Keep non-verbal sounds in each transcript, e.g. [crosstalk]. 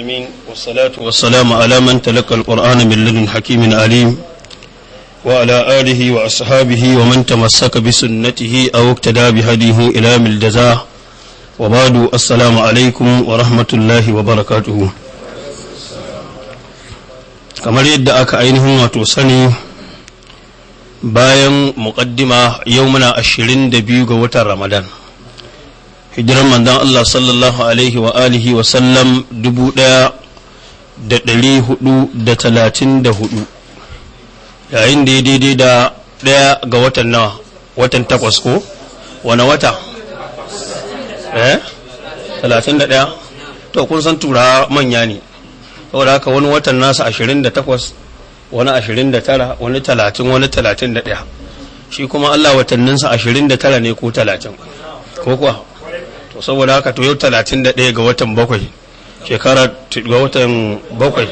المسلمين والصلاة والسلام على من تلقى القرآن من لدن حكيم عليم وعلى آله وأصحابه ومن تمسك بسنته أو اقتدى بهديه إلى الجزاء وبعد السلام عليكم ورحمة الله وبركاته kamar yadda aka ainihin wato sani bayan muƙaddima yau muna ashirin da biyu ga watan ramadan hijiran manzon Allah sallallahu alaihi wa alihi wa sallam dubu ɗaya da ɗari hudu da talatin da hudu yayin da ya daidai da ɗaya ga watan nawa watan takwas ko wani wata eh talatin da ɗaya to kun san tura manya ne saboda haka wani watan nasa ashirin da takwas wani ashirin da tara wani talatin wani talatin da ɗaya shi kuma Allah watanninsa ashirin da tara ne ko talatin ko kuwa saboda haka to yau 31 ga watan bakwai shekara ga watan bakwai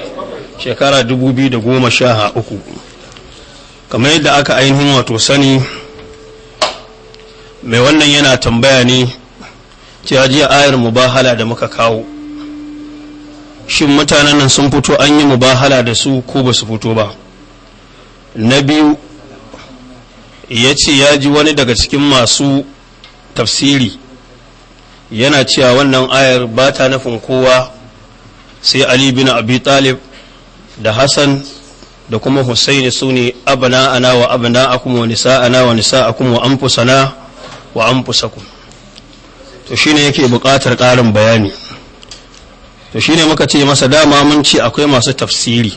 shekara 2013 kamar yadda aka ainihin wato sani mai wannan yana tambaya ne cewa jiya ayar mubahala da muka kawo shin mutanen nan sun fito an yi mubahala da su ko ba su fito ba na biyu ya ce ya ji wani daga cikin masu tafsiri yana cewa wannan ayar ba ta nufin kowa sai ali bin abi talib da hassan da kuma husaini su ne abana ana wa abana akum wa nisa ana wa nisa akum wa anfusana wa anfusakum to shine yake buƙatar ƙarin bayani to shine muka ce masa dama mun ce akwai masu tafsiri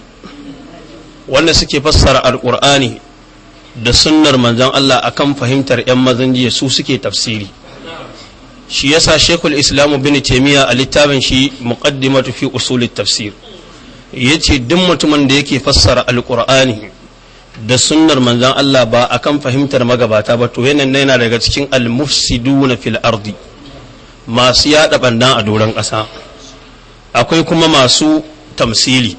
wanda suke fassara alƙur'ani da sunnar manzon Allah akan fahimtar 'yan mazan jiya su suke tafsiri shi yasa shekul islamu bin taimiyya a littafin shi muqaddimatu fi usul tafsir ce duk mutumin da yake fassara alƙur'ani da sunnar manzan Allah ba akan fahimtar magabata ba to yana yana daga cikin almufsiduna fil ardi masu yada bandan a doron kasa akwai kuma masu tamsili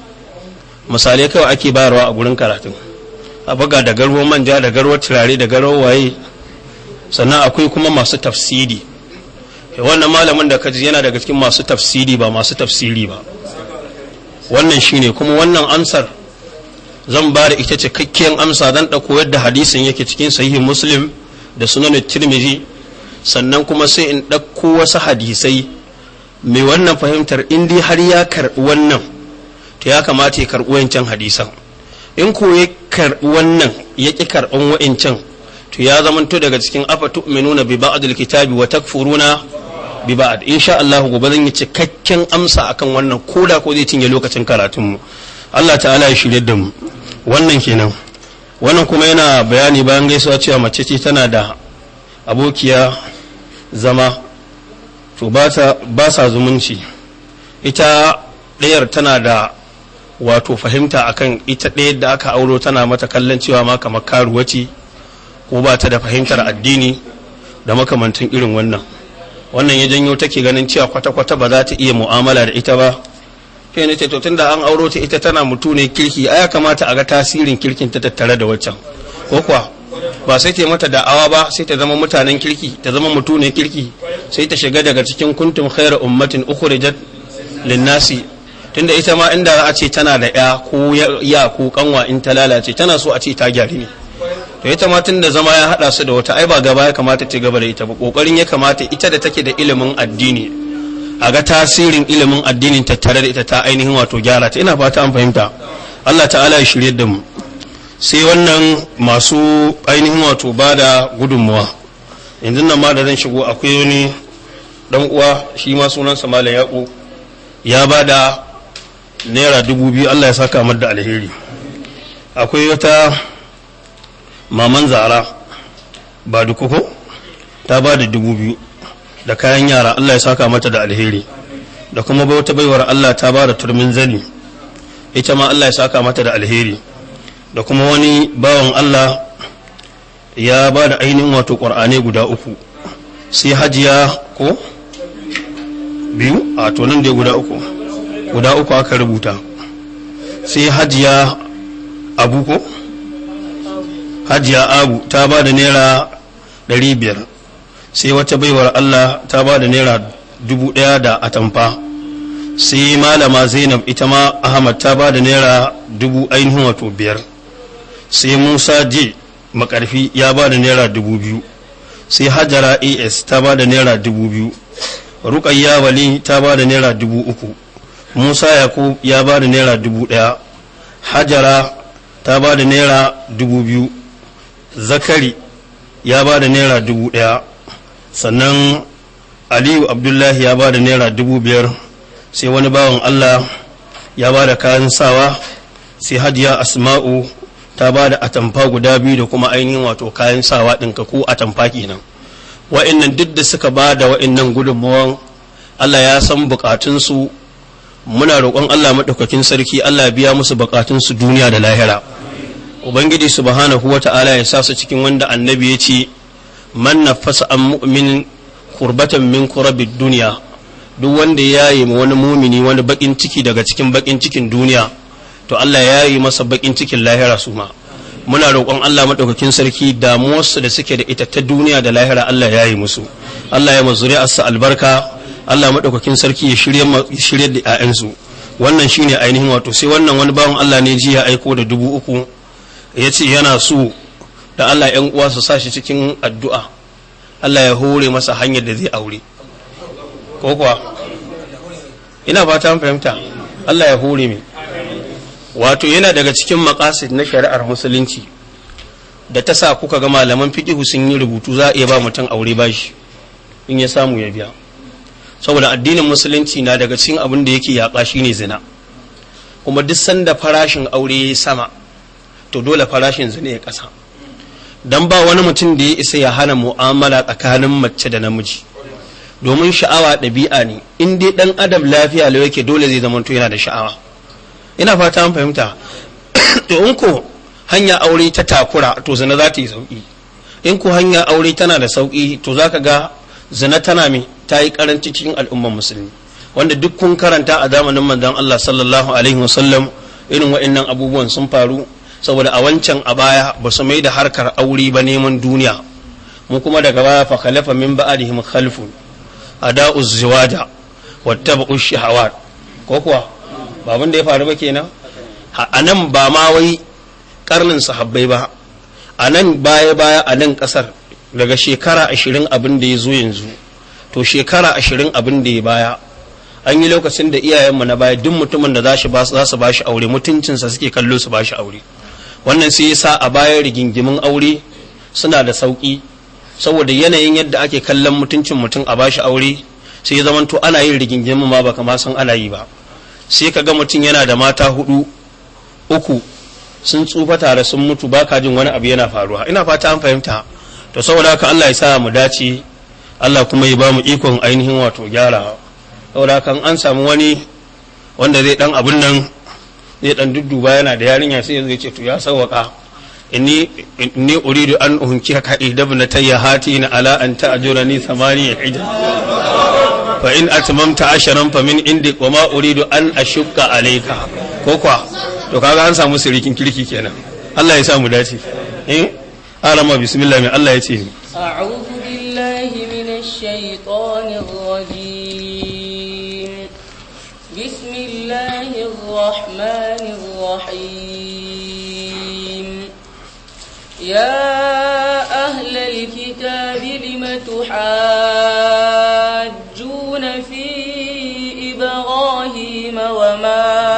misalai kawai ake bayarwa a gurin karatun a buga da garwar manja da garwar turare da garwar waye sannan akwai kuma masu tafsiri wannan malamin da kaji yana daga cikin masu tafsiri ba masu tafsiri ba wannan shine kuma wannan amsar zan ba da ita cikakkiyar amsa zan ɗauko yadda hadisin yake cikin sahihin muslim da sunan tirmidhi sannan kuma sai in ɗauko wasu hadisai mai wannan fahimtar in har ya karɓi wannan to ya kamata ya karɓi wancan hadisan in ko ya karɓi wannan ya ƙi karɓan wa'incan to ya zamanto daga cikin afa tu'minuna bi ba'dil kitabi wa takfuruna bi ba'ad insha Allah gobe zan yi cikakken amsa akan wannan koda ko zai cinye lokacin karatun mu Allah ta'ala ya shirye da mu wannan kenan wannan kuma yana bayani bayan gaisuwa cewa mace ce tana da abokiya zama to ba sa zumunci ita ɗayar tana da wato fahimta akan ita ɗaya da aka auro tana mata kallon cewa ma kamar karuwaci ko ba ta da fahimtar addini da makamantan irin wannan wannan ya janyo take ganin cewa kwata-kwata ba za ta iya mu'amala da ita ba sai ce to tunda an auro ta ita tana mutu ne kirki a ya kamata a ga tasirin kirkin ta tattare da waccan ko kuwa ba sai ta mata da'awa ba sai ta zama mutanen kirki ta zama mutu ne kirki sai ta shiga daga cikin kuntum khairu ummatin ukhrijat linnasi tunda ita ma inda za a ce tana da ya ko ya ko kanwa in ta lalace tana so a ce ta gyari ne to ita ma tun da zama ya haɗa su da wata ai ba gaba ya kamata ta gaba da ita ba kokarin ya kamata ita da take da ilimin addini a ga tasirin ilimin addinin tare da ita ta ainihin wato gyara ta ina fata an fahimta Allah ta'ala ya shirye da mu sai wannan masu ainihin wato ba da gudunmuwa yanzu nan ma da zan shigo akwai wani dan uwa shi ma sunansa malam yaqo ya ba da naira dubu biyu Allah ya saka mar da alheri akwai wata maman zara ba duku ko ta ba da dubu biyu da kayan yara Allah ya saka mata da alheri da kuma wata baiwar Allah ta ba da turmin zani ita ma Allah ya saka mata da alheri da kuma wani bawan Allah ya ba da ainihin wato ƙwar'ane guda uku sai hajiya ko biyu a tonin da guda uku guda uku aka rubuta sai hajiya abu ko hajiya abu ta ba da naira 500 sai wata baiwar allah ta ba da naira 1000 da atamfa sai malama zainab ita ma ahmad ta ba da naira 1000 wato biyar sai musa j makarfi ya ba da naira 2000 sai hajara as ta ba da naira 2000 rukayya wali ta ba da naira 3000 musa yakub ya ba da naira 1000 hajara ta ba da naira 2000 zakari ya ba da naira dubu ɗaya sannan aliyu abdullahi ya ba da naira dubu biyar sai wani bawan allah ya ba da kayan sawa sai hajiya asma'u ta ba da atamfa guda biyu da kuma ainihin wato kayan sawa ɗinka ko atamfa kenan wa'annan duk da suka ba da wa'annan gudunmawan allah ya san bukatunsu muna roƙon allah maɗaukakin sarki allah biya musu bukatunsu duniya da lahira ubangiji subhanahu wata'ala ya sa su cikin wanda annabi ya ce man fasa an mu'minin kurbatan min kurabid duniya duk wanda ya yi wani mumini wani bakin ciki daga cikin bakin cikin duniya to Allah ya yi masa bakin cikin lahira su ma muna roƙon Allah maɗaukakin sarki damuwarsu da suke da ita ta duniya da lahira Allah ya yi musu Allah ya mazuri asa albarka Allah maɗaukakin sarki ya shirya da 'ya'yansu wannan shine ainihin wato sai wannan wani bawan Allah ne jiya aiko da dubu uku ya ce yana so da Allah ‘yan uwa su sa shi cikin addu'a Allah ya hore masa hanyar da zai aure ko ina ba ta fahimta Allah ya hore mai wato yana daga cikin makasid na shari'ar musulunci da ta sa kuka ga malaman fiƙihu sun yi rubutu za a iya ba mutum aure bashi in ya samu ya biya saboda addinin musulunci na daga cikin abin da yake yaƙa shi ne zina kuma duk sanda farashin aure sama to dole farashin zane ya ƙasa dan ba wani mutum da ya isa ya hana mu'amala tsakanin mace da namiji domin sha'awa ɗabi'a ne in dai ɗan adam lafiya lau yake dole zai zama yana da sha'awa ina fata an fahimta [coughs] to in ko hanya aure ta takura to zina za ta yi sauƙi in ko hanya aure tana da sauƙi to za ka ga zina tana mai ta yi karanci cikin al'ummar musulmi wanda duk kun karanta a zamanin manzon Allah sallallahu alaihi wasallam irin wa'annan abubuwan sun faru saboda a wancan a baya ba su mai da harkar aure ba neman duniya mu kuma daga baya fa khalafa min ba'dihim khalfun ada'u ziwaja wattaba'u shahawat ko kuwa ba da ya faru ba kenan a nan ba ma wai karnin sahabbai ba a nan baya baya a nan kasar daga shekara ashirin abin da ya zo yanzu to shekara ashirin abin da ya baya an yi lokacin da iyayenmu na baya duk mutumin da za su ba shi aure mutuncinsa suke kallo su ba shi aure wannan sai ya sa a bayan rigingimin aure suna da sauƙi saboda yanayin yadda ake kallon mutuncin mutum a bashi aure sai ya zamanto ana yin rigingimin ma baka ma san ana yi ba sai ka ga mutum yana da mata hudu uku sun tsufa tare sun mutu baka jin wani abu yana faruwa ina fata an fahimta to saboda haka Allah ya sa mu dace Allah kuma ya ba mu ikon ainihin wato gyara saboda haka an samu wani wanda zai dan abun nan zai dan dudduba yana da yarinya sai ya ce to ya sawaka inni inni uridu an uhunki ka hati na ala an ta'jurani samaniya hijja fa in atmamta asharan fa min indi wa ma uridu an ashukka alayka ko kwa to kaga an samu sirikin kirki kenan Allah ya samu dace eh alama bismillah mai Allah ya ce a'udhu billahi minash shaitanir يا أهل الكتاب لم تحاجون في إبراهيم وما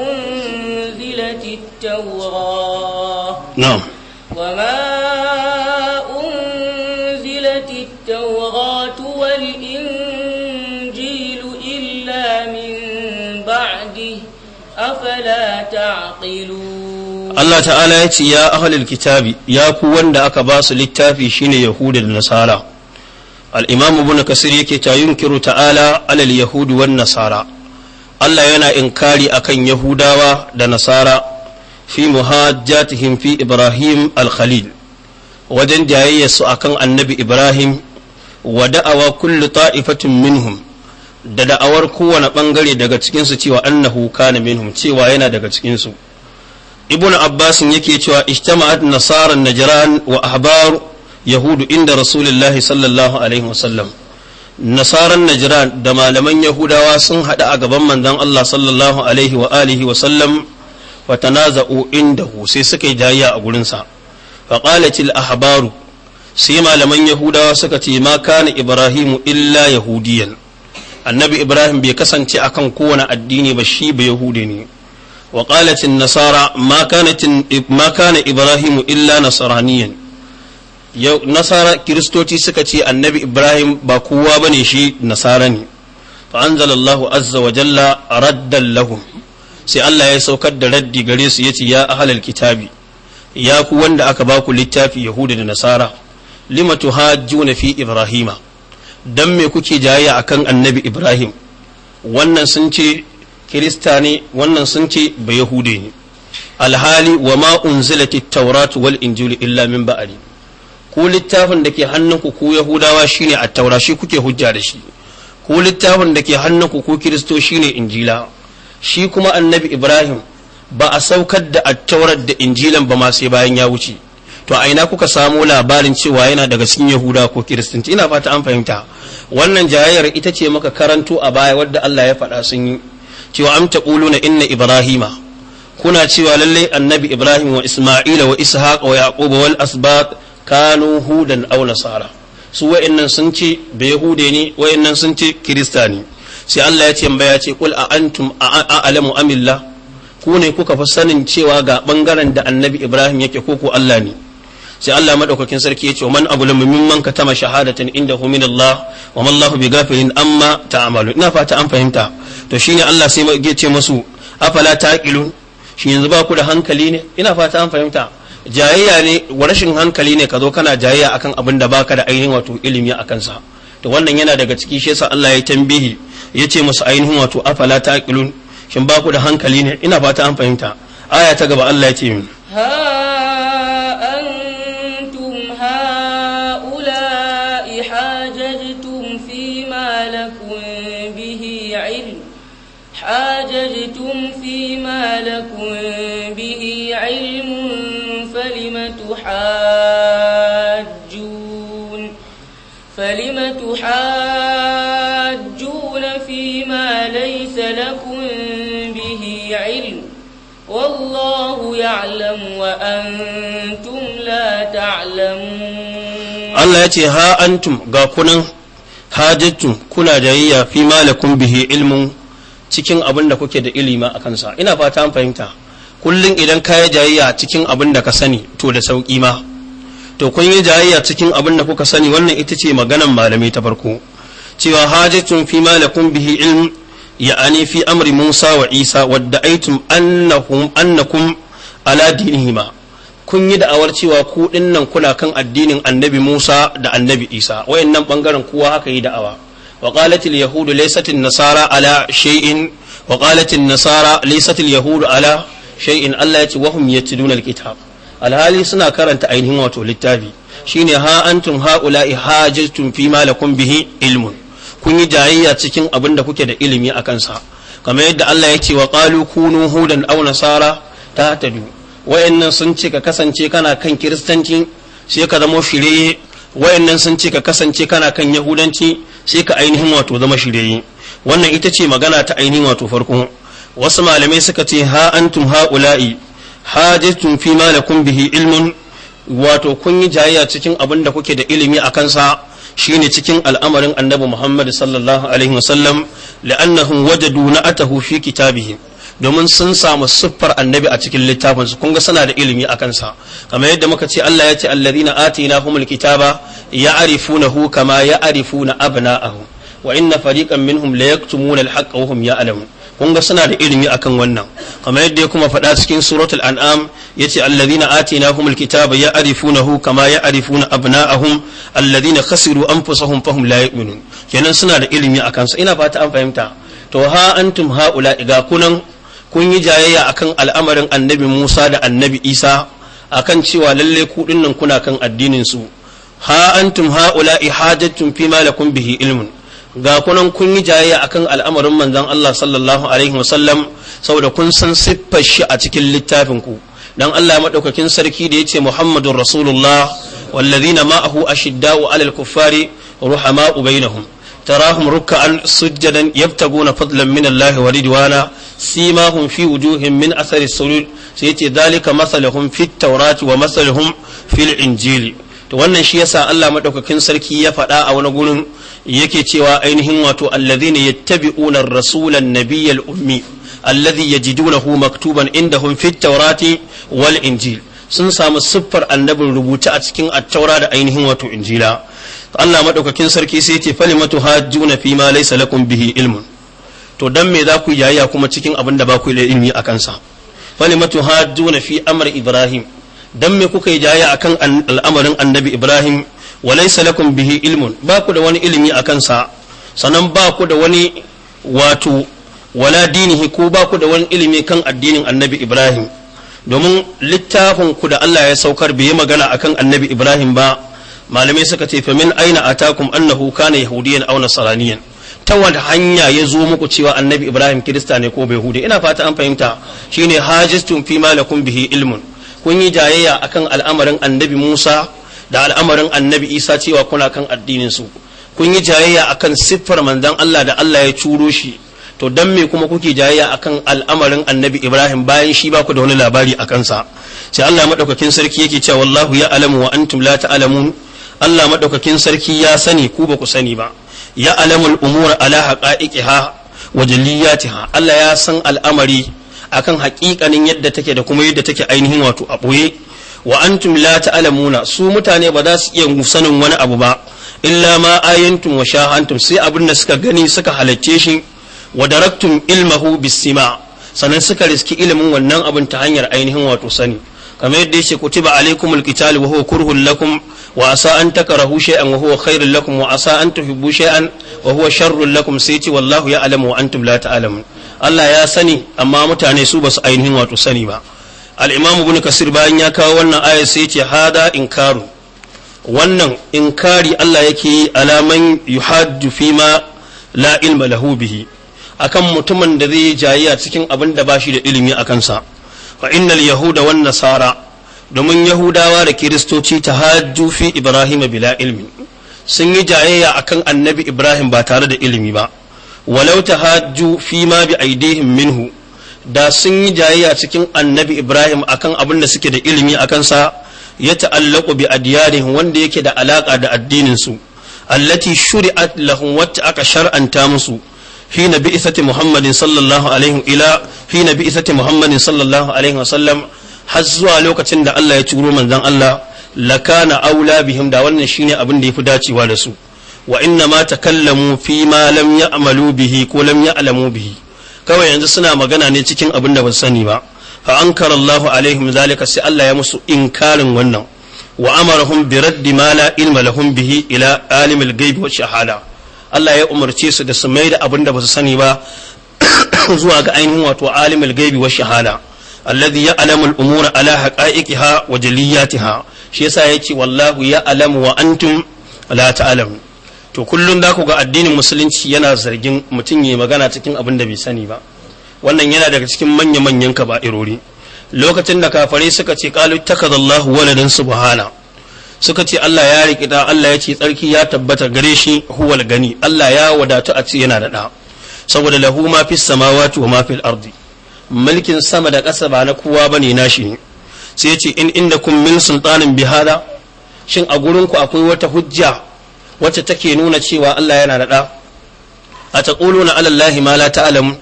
أنزلت التوراة نعم وما أنزلت التوراة والإنجيل إلا من بعده أفلا تعقلون Allah ta'ala ya ce ya ahlul kitabi ya ku wanda aka ba su littafi shine yahudu da nasara al-imam ibn kasir yake ta yunkiru ta'ala alal yahudi wan nasara Allah yana inkari akan yahudawa da nasara fi muhajjatihim fi ibrahim al-khalil wajen su akan annabi ibrahim wa da'awa kullu ta'ifatin minhum da da'awar kowane bangare daga cikinsu cewa annahu kana minhum cewa yana daga cikinsu ibnu abbas yake cewa ijtama'at nasara najran wa ahbar yahudu inda rasulullahi sallallahu alaihi wasallam nasaran najran da malaman yahudawa sun hada a gaban manzon Allah sallallahu alaihi wa alihi wa wa tanaza'u indahu sai suka yi jayya a gurinsa. sa fa qalatil ahbaru sai malaman yahudawa suka ce ma kana ibrahimu illa yahudiyan annabi ibrahim bai kasance akan kowane addini ba shi ba Yahudi ne وقالت النصارى ما كانت ما كان ابراهيم الا نصرانيا يو نصارى كريستوتي سكتي النبي ابراهيم با كوا بني شي نصاراني فانزل الله عز وجل ردا لهم sai Allah ya saukar da raddi gare su yace ya ahlal kitabi ya ku wanda aka ba ku littafi yahuda da nasara lima tuhajjuna fi ibrahima dan me kuke jayayya akan annabi ibrahim wannan sun ce kirista ne wannan sun ce ba yahude ne alhali wa ma unzilati taurat wal injili illa min ba'di ko littafin da ke hannunku ko yahudawa shine a taura shi kuke hujja da shi ko littafin da ke hannunku ko kiristo shine injila shi kuma annabi ibrahim ba a saukar da attaurar da injilan ba ma sai bayan ya wuce to a ina kuka samo labarin cewa yana daga cikin yahuda ko kiristanci ina fata an fahimta wannan jayayyar ita ce maka karanto a baya wadda allah ya faɗa sun yi cewa am na inna ibrahima kuna cewa lallai annabi ibrahim wa isma'ila wa ishaq wa yaqub wal asbat kanu hudan aw nasara su wa'annan sun ce be yahude ne wa'annan sun ce kirista sai Allah ya ce baya ce kul a antum a alamu amilla ku ne kuka fi sanin cewa ga bangaren da annabi ibrahim yake ko ku Allah ne sai Allah madaukakin sarki ya ce man abulum mimman katama shahadatan indahu min Allah wa man Allah bi gafilin amma ta'malu ina fata an fahimta to shine Allah sai ya ce masu afala taqilun shi yanzu ba ku da hankali ne ina fata an fahimta jayayya ne wa rashin hankali ne ka zo kana jayayya akan abin da baka da ainihin wato ilimi akan sa to wannan yana daga ciki shi yasa Allah ya tambihi ya ce musu ainihin wato afala taqilun shin ba ku da hankali ne ina fata an fahimta aya ta gaba Allah ya ce min يعلم وأنتم لا تعلمون الله يتي ها أنتم قاكونا kuna jayayya fi malakum bihi ilmun cikin abin da kuke da ilimi a kansa ina fata an fahimta kullum idan ka yi jayayya cikin abin da ka sani to da sauki ma to kun yi jayayya cikin abin da kuka sani wannan ita ce maganan malamai ta farko cewa hajjatun fi malakum bihi ilm ya'ani fi amri Musa wa Isa wadda aitum annakum annakum ala dinihima kun yi da'awar cewa ku dinnan kuna kan addinin annabi Musa da annabi Isa wayannan bangaren kuwa haka yi da'awa wa qalat al yahud laysat an nasara ala shay'in wa qalat an nasara laysat al yahud ala shay'in Allah yace wa hum yatluna al kitab alhali suna karanta ainihin wato littafi shine ha antum haula hajjtum fi ma lakum bihi ilmun kun yi jayayya cikin abinda kuke da ilimi akan sa kamar yadda Allah ya ce wa qalu kunu hudan aw nasara ta tadu wayannan sun ce ka kasance kana kan kiristanci sai ka zama shirye wayannan sun ce ka kasance kana kan yahudanci sai ka ainihin wato zama shirye wannan ita ce magana ta ainihin wato farko wasu malamai suka ce ha antum haula'i hajatun fi ma lakum bihi ilmun wato kun yi jayayya cikin abin da kuke da ilimi a kansa shine cikin al'amarin annabi Muhammad sallallahu alaihi wasallam la'annahum wajadu na'atahu fi kitabihim domin sun samu siffar annabi a cikin littafin su kunga suna da ilimi a kansa kamar yadda muka ce Allah ya ce alladhina atinahumul kitaba ya'rifunahu kama ya'rifuna abna'ahum wa inna fariqan minhum la yaktumuna al-haqqa wa hum ya'lamun kunga suna da ilimi akan wannan kamar yadda ya kuma faɗa cikin suratul an'am yace alladhina atinahumul kitaba ya'rifunahu kama ya'rifuna abna'ahum alladhina khasiru anfusahum fahum la yu'minun kenan suna da ilimi akan sa ina fata an fahimta to ha antum haula iga kunan kun yi jayayya akan al'amarin annabi Musa da annabi Isa akan cewa lalle ku nan kuna kan addinin su ha antum haula ihajattum fi ma lakum bihi ilmun ga kunan kun yi jayayya akan al'amarin manzon Allah sallallahu alaihi wasallam saboda kun san siffar shi a cikin littafin ku dan Allah madaukakin sarki da yace Muhammadur Rasulullah wallazina ma'ahu ashidda'u 'alal kuffari ruhama'u bainahum tarahum ruk'an sujjadan yabtaguna fadlan min Allah wa ridwana simahum fi wujuhin min asari surur sai yace dalika masalahum fit tawrat wa masalahum injili to wannan shi yasa Allah madaukakin sarki ya faɗa a wani gurin yake cewa ainihin wato alladhina yattabi'una ar-rasula an-nabiyyal ummi alladhi yajidunahu maktuban indahum fit tawrati wal injil sun samu siffar annabin rubuta a cikin attaura da ainihin wato injila Allah madaukakin sarki sai yace falimatu hajjuna fi ma laysa lakum bihi ilmun to dan me za ku yi jayayya kuma cikin abin da ba ku yi ilimi a kansa fali matu na fi amr ibrahim dan me kuka yi jayayya akan al'amarin annabi ibrahim wa laysa lakum bihi ilmun ba ku da wani ilimi a kansa sannan ba ku da wani wato wala dinihi ko ba ku da wani ilimi kan addinin annabi ibrahim domin littafin ku da Allah ya saukar bai yi magana akan annabi ibrahim ba malamai suka ce fa min aina atakum annahu kana yahudiyan aw nasraniyan ta wani hanya ya zo muku cewa annabi ibrahim kirista ne ko bai ina fata an fahimta shine hajistum fi malakum bihi ilmun kun yi jayayya akan al'amarin annabi musa da al'amarin annabi isa cewa kuna kan addinin su kun yi jayayya akan siffar manzon allah da allah ya curo shi to dan me kuma kuke jayayya akan al'amarin annabi ibrahim bayan shi ba ku da wani labari a kansa sai allah madaukakin sarki yake cewa wallahu ya alamu wa antum la ta'lamun allah madaukakin sarki ya sani ku ba ku sani ba ya alamul umura ala haqa'iqiha wa jalliyatiha Allah ya san al'amari akan haƙiƙanin yadda take da kuma yadda take ainihin wato a ɓoye wa antum la ta'lamuna su mutane ba za su iya sanin wani abu ba illa ma ayantum wa shahantum sai abin da suka gani suka halacce shi wa daraktum ilmahu bisima sannan suka riski ilimin wannan abin ta hanyar ainihin wato sani kamar yadda yake kutiba alaikumul qital wa huwa kurhun lakum wa asa an takrahu shay'an wa huwa khairul lakum wa asa an tuhibbu shay'an wa huwa sharrul sai ce wallahu ya'lamu wa antum la ta'lamun Allah ya sani amma mutane su basu ainihin wato sani ba al-imam ibn kasir bayan ya kawo wannan aya sai ce hada inkaru wannan inkari Allah yake yi alaman yuhaddu fi ma la ilma lahu bihi akan mutumin da zai jayiya cikin abin da ba shi da ilimi a kansa fa yahu da wan nasara domin yahudawa da kiristoci ta hajju fi ibrahim bila ilmi sun yi jayayya akan annabi ibrahim ba tare da ilimi ba walau ta hajju fi ma bi aidihim minhu da sun yi jayayya cikin annabi ibrahim akan abin da suke da ilimi akan sa ya ta'allaku bi adiyarihim wanda yake da alaka da addinin su allati shuri'at lahum wacce aka shar'anta musu fi nabi isati muhammadin sallallahu alaihi ila fi nabi isati muhammadin sallallahu alaihi wa sallam har zuwa lokacin da Allah ya turo manzon Allah lakana aula bihim da wannan shine abin da yafi dacewa da su wa inna ma takallamu fi ma lam ya'malu bihi ko lam ya'lamu bihi kawai yanzu suna magana ne cikin abin da ba sani ba fa ankara Allahu alaihim zalika sai Allah ya musu inkarin wannan wa amarahum bi raddi ma la ilma lahum bihi ila alimil ghaibi wa shahada Allah ya umarce su da su mai da abin da ba su sani ba [coughs] zuwa ga ainihin wato alimul gaibi wa shahada alladhi ya'lamu al-umura ala haqa'iqiha wa jaliyatiha shi yasa yace wallahu ya'lamu wa antum la ta'lamu to kullun da ku ga addinin musulunci yana zargin mutum yayi magana cikin abin da bai sani ba wannan yana daga cikin manya manyan kaba'irori lokacin da kafare suka ce qalu takadallahu waladan subhana suka ce Allah ya riƙi da Allah ya ce tsarki ya tabbata gare shi huwal gani Allah ya wadatu a ce yana da saboda lahu ma fi samawati wa ma fil ardi mulkin sama da ƙasa ba na kowa bane nashi ne sai ya ce in inda kun min sultanin bihada shin a gurinku akwai wata hujja wacce take nuna cewa Allah yana da ɗa a taquluna na allahi ma la ta'lamun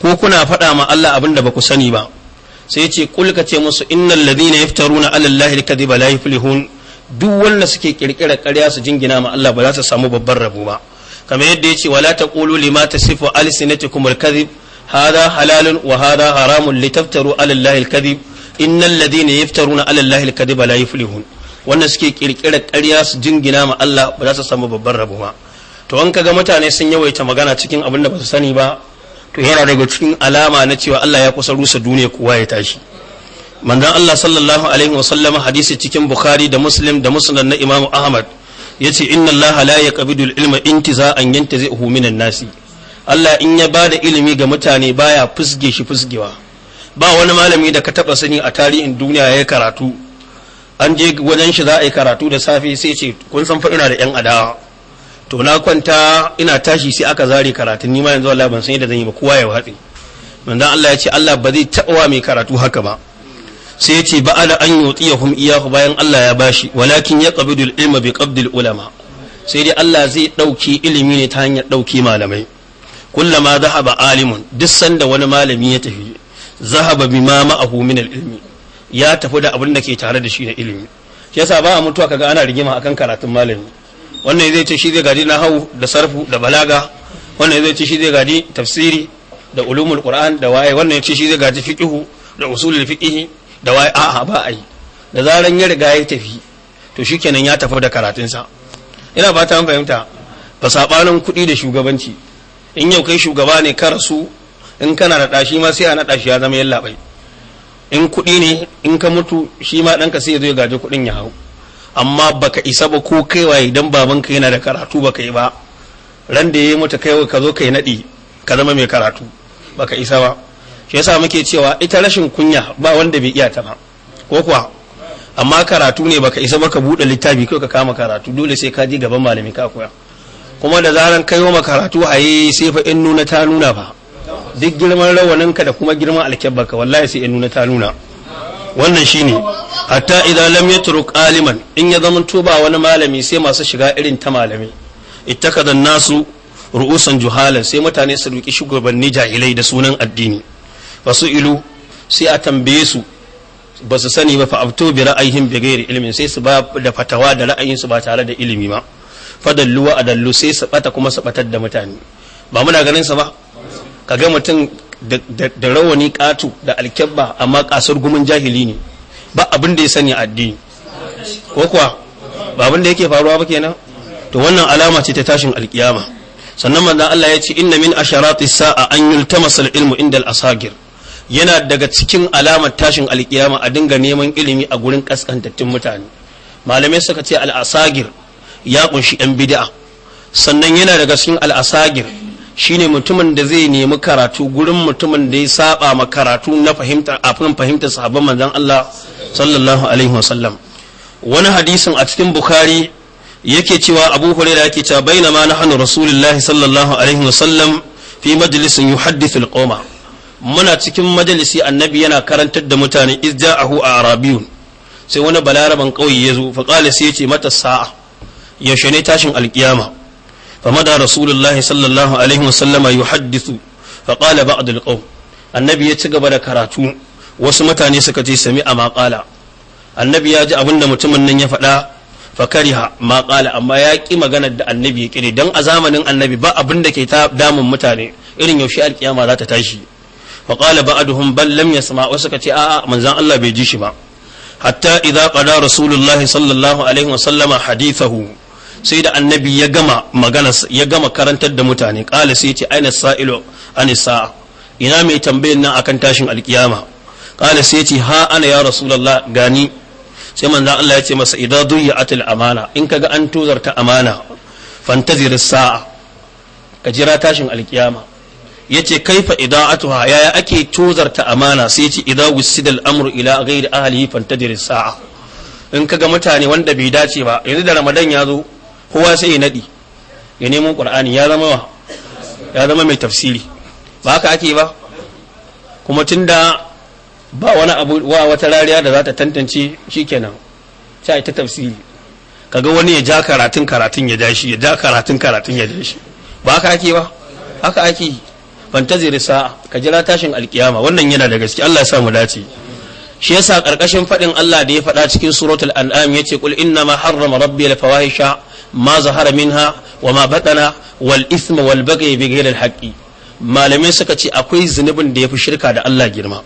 ko kuna faɗa ma Allah abin da ba ku sani ba sai ce kul ka ce musu innal ladina yaftaruna ala allahi alkadiba la yuflihun duk wanda suke kirkira ƙarya su jingina ma Allah ba za su samu babban rabo ba kamar yadda ya ce wala taqulu lima tasifu alsinatukum alkadib هذا حلال وهذا حرام لتفتروا على الله الكذب إن الذين يفترون على الله الكذب لا يفلحون wannan suke kirkira ƙarya su jingina ma Allah ba za su samu babban rabo ba to an kaga mutane sun yawaita magana cikin abin da ba su sani ba to yana daga cikin alama na cewa Allah ya kusa rusa duniya kowa ya tashi manzon Allah sallallahu alaihi wa sallam hadisi cikin Bukhari da Muslim da Musnad na Imam Ahmad yace inna Allah la yaqbidu al-ilma an yantazihu minan nasi Allah in ya ba da ilimi ga mutane baya fusge shi fusgewa ba wani malami da ka taba sani a tarihin duniya ya karatu an je wajen shi za a yi karatu da safe sai ce kun san ina da yan adawa to na kwanta ina tashi sai aka zare karatu ni ma yanzu Allah ban san yadda zan yi ba kowa ya watsi manzon Allah ya ce Allah ba zai taɓa mai karatu haka ba sai ya ce ala an yutiyahum iyahu bayan Allah ya bashi walakin ya qabidul ilma bi qabdil ulama sai dai Allah zai ɗauki ilimi ne ta hanyar ɗauki malamai كلما zahaba alimun duk sanda wani malami ya tafi zahaba bima ma'ahu من العلم ya tafi da abin da ke tare da shi da ilimi shi ba a mutuwa kaga ana rigima akan karatun malami wannan zai ce shi zai gadi hau da sarfu da balaga wannan zai ce shi zai gadi tafsiri da ulumul qur'an da waye wannan ya ce shi zai gadi fiqhu da usulul fiqh da waye a'a ba ai da zaran ya riga ya tafi to shikenan ya tafi da karatunsa ina ba ta fahimta ba sabanin kuɗi da shugabanci in yau kai shugaba ne ka rasu in kana da ɗashi ma sai a naɗa shi ya zama yallaɓai in kuɗi ne in ka mutu shi ma ɗanka sai ya zo ya gaji kuɗin ya hau amma baka isa ba ko kaiwa idan babanka yana da karatu baka yi ba ran da ya mutu kaiwa ka zo kai naɗi ka zama mai karatu baka isa ba shi yasa muke cewa ita rashin kunya ba wanda bai iya ta ba ko kuwa amma karatu ne baka isa ba ka buɗe littafi kai ka kama karatu dole sai ka je gaban malami ka koya kuma da zaran kai wa karatu a yi sai fa in nuna ta nuna ba duk girman rawaninka da kuma girman ka wallahi sai in nuna ta nuna wannan shine hatta idan lam yatruk aliman in ya zama tuba wani malami sai masu shiga irin ta malami zan nasu ru'usan juhalan sai mutane su ruki shugabanni jahilai da sunan addini wasu ilu sai a tambaye su ba su sani ba fa bi ra'ayhim bi ghairi ilmin sai su ba da fatawa da ra'ayin su ba tare da ilimi ba fadallu wa adallu sai su bata kuma su batar da mutane ba muna ganin sa ba ka ga mutum da rawani katu da alkyabba amma kasar gumin jahili ne ba abin da ya sani addini ko kuwa ba abin da yake faruwa ba kenan to wannan alama ce ta tashin alkiyama sannan manzon Allah ya ce inna min asharati sa'a an yultamasa ilmu inda al-asagir yana daga cikin alamar tashin alkiyama a dinga neman ilimi a gurin kaskantattun mutane malamai suka ce al-asagir ya kunshi yan bid'a sannan yana daga cikin al'asagir shine mutumin da zai nemi karatu gurin mutumin da ya saba ma karatu na fahimta a fahimta sahabban manzon Allah sallallahu alaihi wasallam wani hadisin a cikin bukhari yake cewa abu hurairah yake cewa bainama nahnu rasulullahi sallallahu alaihi wasallam fi majlisin yuhaddithu alqawma muna cikin majalisi annabi yana karantar da mutane iz a arabiyun sai wani balaraban kauye ya zo fa sai ya ce mata sa'a yaushe ne tashin alkiyama famada rasulullah sallallahu alaihi wasallama yuhaddithu fa qala ba'd alqawm annabi ya ci gaba da karatu wasu mutane suka ce sami a maƙala annabi ya ji abinda mutumin nan ya faɗa fa kariha maƙala amma ya ƙi maganar da annabi ya kire dan a zamanin annabi ba abin da ke damun mutane irin yaushe alkiyama za ta tashi fa qala ba'duhum bal lam yasma wasu suka ce a'a manzon Allah bai ji shi ba hatta idza qada rasulullahi sallallahu alaihi wasallama hadithahu sai da annabi ya gama magana ya gama karantar da mutane qala sai ce aina sa'ilu anis sa'a ina mai tambayar nan akan tashin alkiyama qala sai ce ha ana ya rasulullah gani sai manzo Allah ya ce masa idza duyi'atil amana in kaga an tozarta amana fantazir sa'a ka jira tashin alkiyama yace kaifa atuha yaya ake tozarta amana sai ce idza wusidal amru ila ghairi ahlihi fantazir sa'a in kaga mutane wanda bai dace ba yanzu da ramadan ya zo kowa sai ya nadi ya nemo qur'ani ya zama ya zama mai tafsiri ba haka ake ba kuma tunda ba wani abu wa wata rariya da za ta tantance shikenan sai ta tafsiri kaga wani ya ja karatun karatun ya dashi ya ja karatun karatun ya dashi ba haka ake ba haka ake fantazir sa'a ka jira tashin alkiyama wannan yana da gaske Allah ya sa mu dace shi yasa karkashin fadin Allah da ya faɗa cikin suratul an'am yace qul inna ma harrama rabbi al fawahisha ma zahara minha wa ma batana wal isma wal baghi bi ghairi malamai suka ce akwai zunubin da ya fi shirka da Allah girma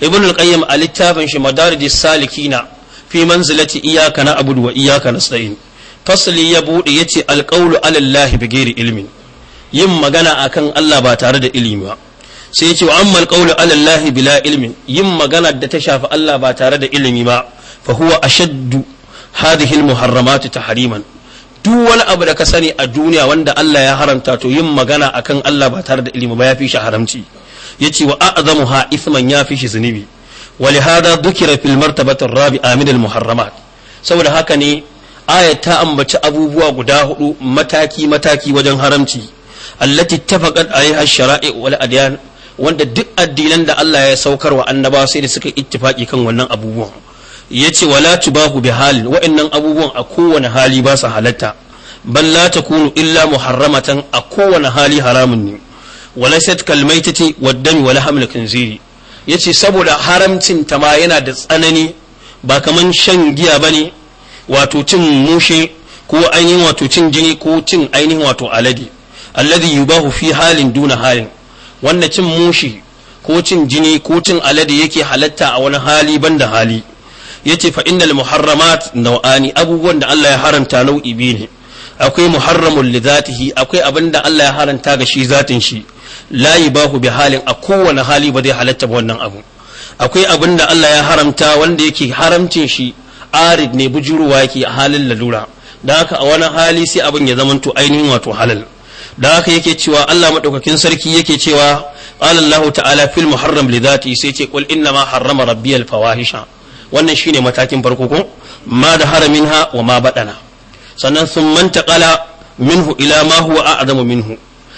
ibn al qayyim a littafin shi madarijis salikina fi manzilati iyaka na abudu wa iyyaka nasta'in fasali ya bude yace al qawlu ala allah bi ilmin yin magana akan Allah ba tare da ilimi ba sai yace wa amma al qawlu ala allah bila ilmin yin magana da ta shafi Allah ba tare da ilimi ba fa huwa ashaddu hadhihi al muharramat tahriman duk wani abu da ka sani a duniya wanda Allah ya haramta to yin magana akan Allah ba tare da ilimi ba ya fi shi haramci yace wa ha ithman ya fi shi zunubi ولهذا ذكر في rabi الرابعة من muharramat saboda haka ne aya ta ambaci abubuwa guda hudu mataki mataki wajen haramci allati tafaqat alaiha shara'i wal adyan wanda duk addinan da Allah ya saukar wa annaba sai da suka ittifaki kan wannan abubuwan ya ce wala tubahu bi hal wa'annan abubuwan a kowane hali ba su halatta bal la takunu illa muharramatan a kowane hali haramun ne wala sat kalmaitati waddami wala haml khinziri yace saboda haramcin ta ma yana da tsanani ba kaman shan giya bane wato cin mushe ko ainihin wato cin jini ko cin ainihin wato alade alladhi yubahu fi halin duna halin wannan cin mushi ko cin jini ko cin alade yake halatta a wani hali banda hali yace fa innal muharramat nau'ani abubuwan da Allah ya haramta nau'i biyu ne akwai muharramun li zatihi akwai abin da Allah ya haramta ga shi zatin shi la yubahu bi halin a kowane hali ba zai halatta wannan abu akwai abin da Allah ya haramta wanda yake haramcin shi arid ne bujuruwa yake a halin lalura da haka a wani hali sai abin ya zamanto ainihin wato halal da haka yake cewa Allah madaukakin sarki yake cewa qala Allah ta'ala fil muharram li zati sai ce qul inna ma harrama rabbiyal fawahisha wannan shine matakin farko ko ma da hara ha wa ma badana sannan sun manta kala minhu ila ma huwa a'zamu minhu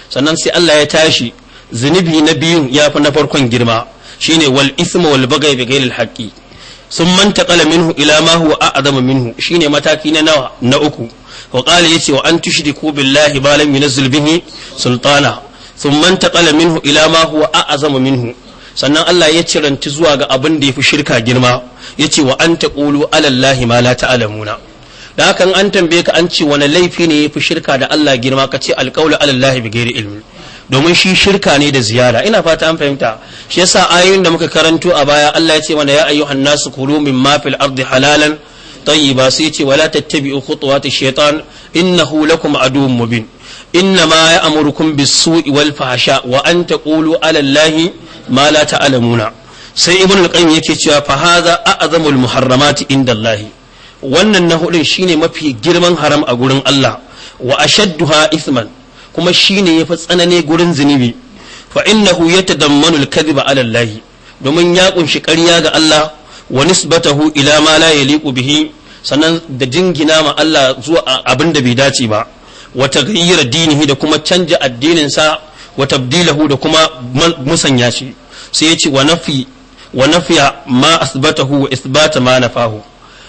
sannan sai Allah ya tashi zunubi na biyun ya fi na farkon girma shine wal isma wal bagai bi ghairi haqqi sun manta kala minhu ila ma huwa a'zamu minhu shine mataki na nawa na uku wa qala yace wa an tushriku billahi ma lam yunzil bihi sultana sun manta kala minhu ila ma huwa a'zamu minhu sannan Allah ya ciranti zuwa ga abin da ya fi shirka girma ya ce wa an taƙulu alallahi ma la ta'alamuna da an tambaye ka an ce wani laifi ne ya fi shirka da Allah girma ka ce alƙawlu alallahi bi gairi ilmi domin shi shirka ne da ziyara ina fata an fahimta shi yasa ayoyin da muka karanto a baya Allah ya ce mana ya ayyuhan nasu kulu mimma fil ardi halalan tayyiba sai ya ce wala tattabi'u khutuwati shaytan innahu lakum aduwwun mubin إنما يأمركم بالسوء والفحشاء وأن تقولوا على الله ma la ta'lamuna sai ibn al-qayyim yake cewa fa hadha a'zamul muharramati inda Allah wannan na hudun shine mafi girman haram a gurin Allah wa ashadduha ithman kuma shine yafi tsanane gurin zunubi fa innahu yatadammanu al-kadhiba ala Allah domin ya kunshi ƙarya ga Allah wa nisbatahu ila ma la yaliqu bihi sannan da jingina ma Allah zuwa abin da bai dace ba wa taghayyira dinihi da kuma canja addinin sa wa tabdilahu da kuma musanya shi sai ya ce wa nafi wa nafiya ma asbatahu wa isbata ma nafahu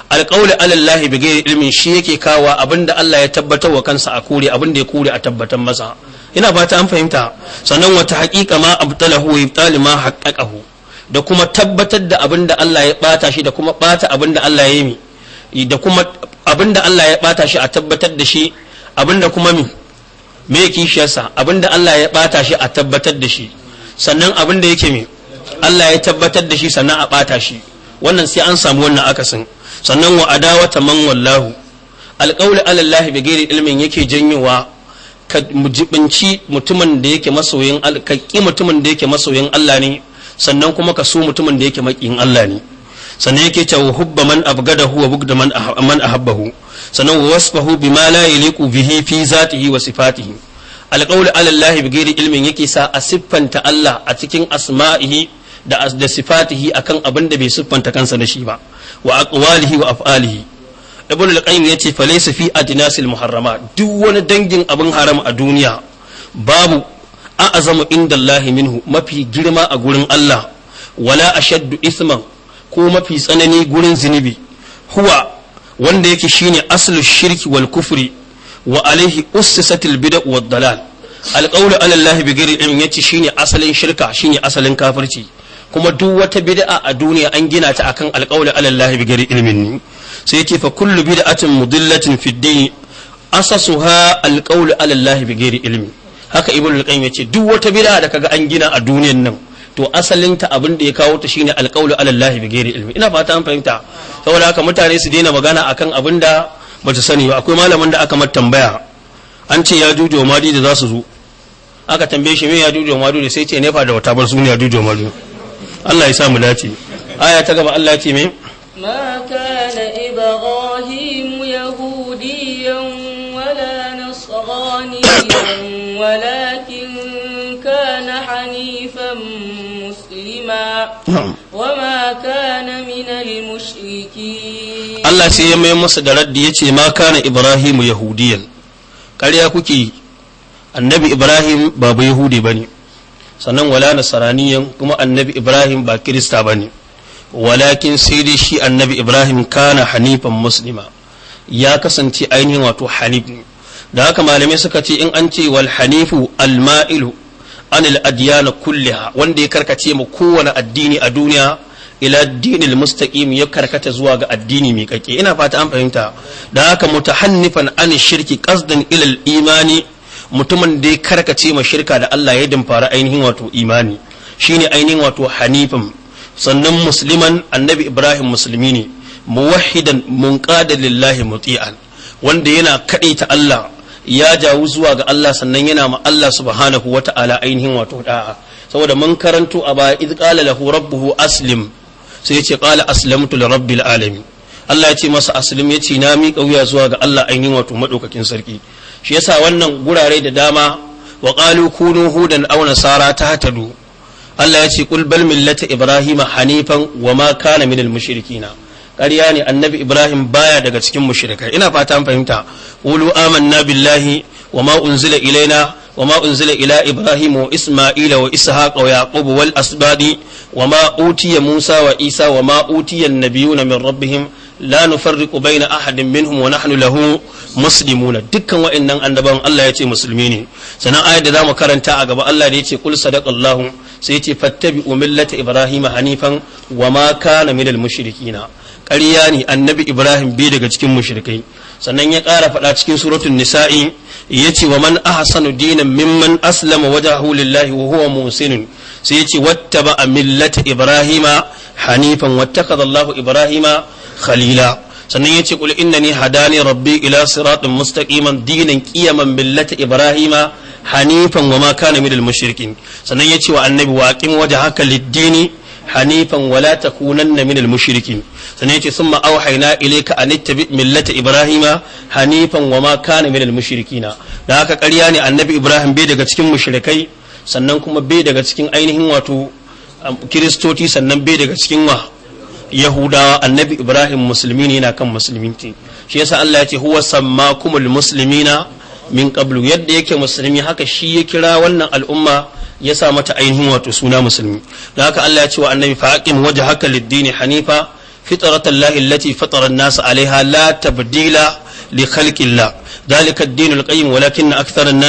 alƙawli alallahi bi ghairi ilmin shi yake kawa abinda Allah ya tabbatar wa kansa a kore abinda ya kore a tabbatar masa ina fata an fahimta sannan wata haqiqa ma abtalahu wa ibtali ma haqqaqahu da kuma tabbatar da abinda Allah ya bata shi da kuma bata abinda Allah ya yi da kuma abinda Allah ya bata shi a tabbatar da shi abinda kuma mi me kishiyarsa abinda Allah ya bata shi a tabbatar da shi sannan abinda yake me Allah ya tabbatar da shi sannan a bata shi wannan sai an samu wannan akasin sannan wa adawata man wallahu alqawlu ala Allah bi ghairi ilmin yake janyowa ka mujibinci mutumin da yake masoyin ka mutumin da yake masoyin Allah ne sannan kuma ka so mutumin da yake makin Allah ne sannan yake ta hubba man abgadahu wa bugda man ahabbahu sannan wa wasfahu bima la yaliqu bihi fi zatihi wa sifatihi alqawlu ala Allah bi ilmin yake sa a siffanta Allah a cikin asma'ihi da da sifatihi akan abin da bai siffanta kansa da shi ba wa aqwalihi wa af'alihi ibn al-qayyim yace fa laysa fi adnasil muharrama duk wani dangin abin haram a duniya babu a'azamu inda Allah minhu mafi girma a gurin Allah wala ashaddu isman ko mafi tsanani gurin zinubi huwa wanda yake shine aslu shirki wal kufri wa alaihi ussisatil bid'a wad dalal qawlu ala allahi bi ghairi ilmin yace shine asalin shirka shine asalin kafirci kuma duk wata bid'a a duniya an gina ta akan qawlu ala allahi bi ghairi ilmin ne sai yake fa kullu bid'atin mudillatin fi din asasuha qawlu ala allahi bi ghairi ilmin haka ibnu al-qayyim yace duk wata bid'a da kaga an gina a duniyan nan to asalin ta abin da ya kawo ta shine alqawlu ala Allah bi ghairi ilmi ina fata an fahimta saboda haka mutane su daina magana akan abin da ba su sani ba akwai malamin da aka mata tambaya an ce ya jujo madi da za su zo aka tambaye shi me ya jujo madu da sai ce nefa da wata bar su ne ya jujo madi Allah ya sa mu dace aya ta gaba Allah ya ce me ma kana وما كان من المشركين الله سي mai masa da raddi yace ma kana ibrahimu yahudiyan karya kuke annabi ibrahim ba ba yahudi bane sannan wala nasaraniyan kuma annabi ibrahim ba kirista bane walakin sai dai shi annabi ibrahim kana hanifan muslima ya kasance ainihin wato hanif da haka malamai suka ce in an ce wal hanifu al ma'ilu anil adyana kulliha wanda ya karkace mu kowane addini a duniya ila dinil mustaqim ya karkata zuwa ga addini mai kake ina fata an fahimta da haka mutahannifan an shirki qasdan ila al imani mutumin da ya karkace ma shirka da Allah ya dimfara ainihin wato imani shine ainihin wato hanifin sannan musliman annabi ibrahim musulmi ne muwahhidan munqada lillahi muti'an wanda yana kadaita Allah ya jawo zuwa ga Allah sannan yana ma Allah subhanahu wa ta'ala ainihin wato da'a saboda mun karanto a baya idh qala lahu rabbuhu aslim sai ya ce qala aslamtu li rabbil alamin Allah ya ce masa aslim ya ce na mika wuya zuwa ga Allah ainihin wato madaukakin sarki shi yasa wannan gurare da dama wa qalu kunu hudan aw nasara tahtadu Allah ya ce qul bal millata ibrahima hanifan wa ma kana minal mushrikina ƙarya ne annabi ibrahim baya daga cikin mushrikai ina fata fahimta qulu amanna billahi wa ma unzila ilaina wa ma unzila ila ibrahim wa isma'ila wa ishaq wa yaqub wal asbadi wa ma utiya musa wa isa wa ma utiya nabiyuna min rabbihim la nufarriqu baina ahadin minhum wa nahnu lahu muslimuna dukkan wa'annan annaban Allah ya ce musulmi ne sanan ayar da zamu karanta a gaba Allah da ya ce kul sadaqallahu sai ya ce fattabi'u millata ibrahima hanifan wa ma kana minal mushrikina ƙarya ne annabi ibrahim bai daga cikin mushrikai sannan ya ƙara faɗa cikin suratun nisa'i ya ce wa man ahsanu dinan mimman aslama wajahu lillahi wa huwa muhsinun sai ya ce a millata ibrahima hanifan wattakaza ibrahima khalila sannan ya ce qul hada hadani rabbi ila siratin mustaqiman dinan qiyaman millata ibrahima hanifan wa ma kana minal mushrikin sannan ya ce wa annabi wa aqim wajhaka lid-dini hanifan wala takunanna minal mushrikin sannan yace summa auhayna ilayka an tabi millata ibrahima hanifan wa ma kana minal mushrikina da haka ƙarya ne annabi ibrahim bai daga cikin mushrikai sannan kuma bai daga cikin ainihin wato um, kiristoci sannan bai daga cikin wa yahudawa annabi ibrahim musulmi ne yana kan musulminci shi yasa Allah ya ce huwa sammakumul muslimina min qablu yadda yake musulmi haka shi ya kira wannan al'umma ya sa mata ainihin wato suna musulmi da haka Allah ya ce wa annabi fa aqim wajhaka lid-din hanifa fitratan lahi allati fatara an-nas 'alayha la tabdila li khalqillah dalika ad-din al-qayyim walakin akthara an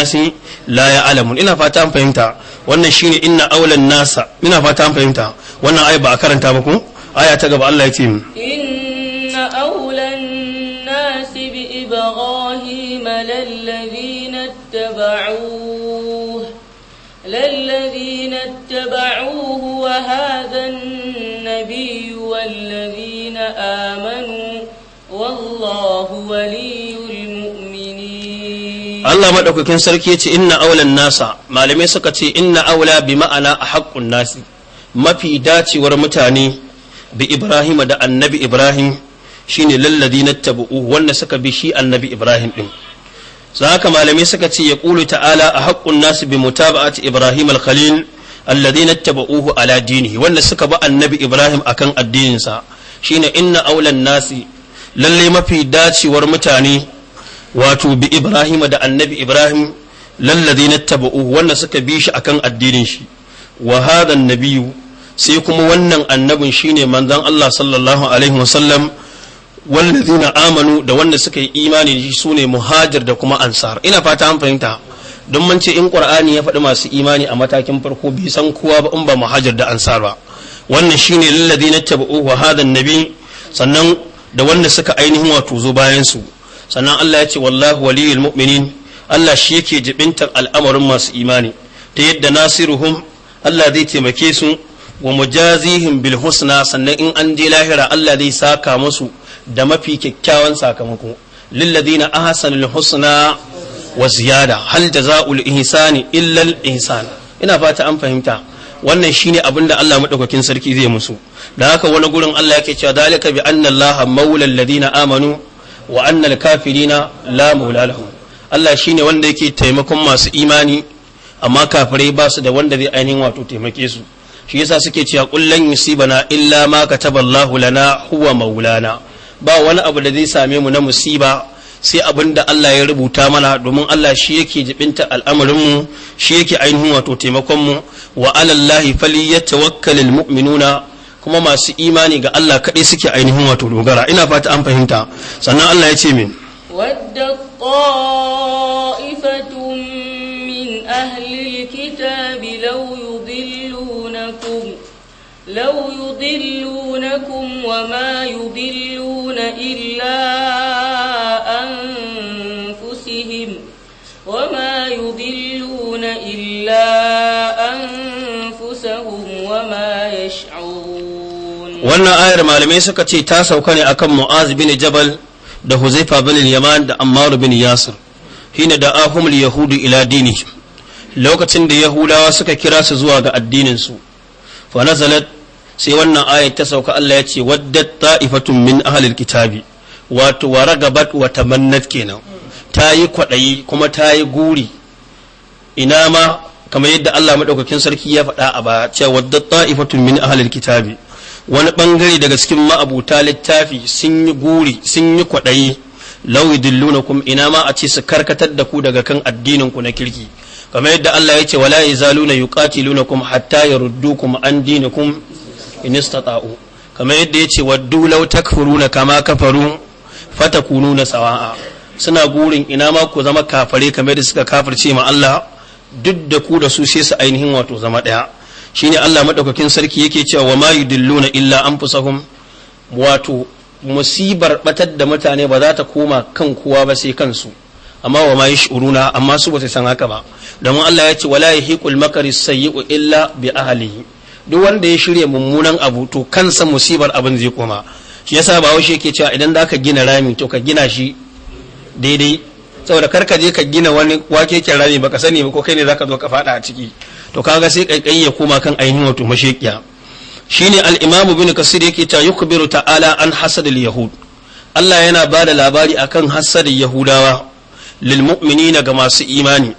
la ina fata an fahimta wannan shine inna awla an-nas ina fata an fahimta wannan ai ba a karanta ba ko aya ta gaba Allah ya ce اتبعوه للذين اتبعوه وهذا النبي والذين آمنوا والله nasa malamai suka ce inna aula bi ma'ana a haqqun nasi mafi dacewar mutane bi ibrahima da annabi Ibrahim shine lalladina tabu'u wanda suka bi shi annabi Ibrahim ɗin. Za haka malamai suka ce ya ƙulu ta'ala a haƙƙun nasu bi mutaba'ati ibrahim al-khalil alladhina tabauhu ala dinihi wanda suka bi annabi ibrahim akan addininsa shine inna aulan nasi Lallai mafi dacewar mutane wato bi ibrahim da annabi ibrahim lalladhina tabauhu wanda suka bi shi akan addinin shi wa hadha sai kuma wannan annabin shine manzan. Allah sallallahu alaihi wasallam wallazina amanu da wanda suka yi imani shi sune muhajir da kuma ansar ina fata an fahimta don mun ce in qur'ani ya faɗi masu imani a matakin farko bai san kowa ba in ba muhajir da ansar ba wannan shine lillazina tabu'u wa hadha nabi sannan da wanda suka ainihin wato zo bayan su sannan Allah ya ce wallahu waliyul mu'minin Allah shi yake jibintar al'amarin masu imani ta yadda nasiruhum Allah zai taimake su wa mujazihim bil husna sannan in an je lahira Allah zai saka musu da mafi kyakkyawan sakamako lilladina ahsanul husna wa ziyada hal jazaul ihsani illa al ihsan ina fata an fahimta wannan shine abin da Allah madaukakin sarki zai musu da haka wani gurin Allah yake cewa dalika bi anna Allah maula alladhina amanu wa anna al kafirina la maula lahum Allah shine wanda yake taimakon masu imani amma kafirai ba su da wanda zai ainihin wato taimake su shi yasa suke cewa kullan yusibana illa ma kataballahu lana huwa maulana ba wani abu da zai same mu na musiba sai abin da Allah ya rubuta mana domin Allah shi yake jibinta al'amarinmu shi yake ainihin wato taimakonmu wa alallahi fali ya tawakkalil mu'minuna kuma masu imani ga Allah kaɗai suke ainihin wato dogara ina fata an fahimta sannan Allah ya ce min wadda qa'ifatun min ahli alkitabi law yudillunakum law yudillunakum وما يضلون إلا أنفسهم وما يضلون إلا أنفسهم وما يشعرون wannan ayar malamai suka ce ta sauka ne akan Mu'az bin Jabal da Huzaifa bin Yaman da Ammar bin Yasir hina da ahumul yahudu ila dini lokacin da yahudawa suka kira su zuwa ga addininsu fa nazalat sai wannan ayat ta sauka Allah ya ce waddat ta'ifatun min ahlil kitabi wato wa ragabat wa tamannat kenan ta yi kwaɗayi kuma ta yi guri ina ma kamar yadda Allah madaukakin sarki ya faɗa a ba ce waddat ta'ifatun min ahlil kitabi wani bangare daga cikin ma'abuta littafi sun yi guri sun yi kwaɗayi lau yudillunakum ina ma a ce su karkatar da ku daga kan addinin ku na kirki kamar yadda Allah ya ce wala yazaluna yuqatilunakum hatta yaruddukum an dinikum in istata'u kamar yadda yace waddu law takfuruna kama kafaru fatakununa sawa'a suna gurin ina ma ku zama kafare kamar da suka kafirce ma Allah duk da ku da su sai su ainihin wato zama daya shine Allah madaukakin sarki yake cewa wa ma yudilluna illa anfusahum wato musibar batar da mutane ba za ta koma kan kowa ba sai kansu amma wa ma yash'uruna amma su ba su san haka ba domin Allah ya ce wala yahiqul makari sayyi'u illa bi ahlihi duk wanda ya shirya mummunan abu to kansa musibar abin zai koma shi yasa ba wasu yake cewa idan da ka gina rami to ka gina shi daidai saboda kar ka je ka gina wani wake ke rami baka sani ba ko kai ne zaka zo ka fada a ciki to kaga sai kaikai ya koma kan ainihin wato mashekiya shine al-imam ibn kasir yake cewa yukbiru ta'ala an hasad al-yahud Allah yana ba da labari akan hasadin yahudawa lil mu'minina ga masu imani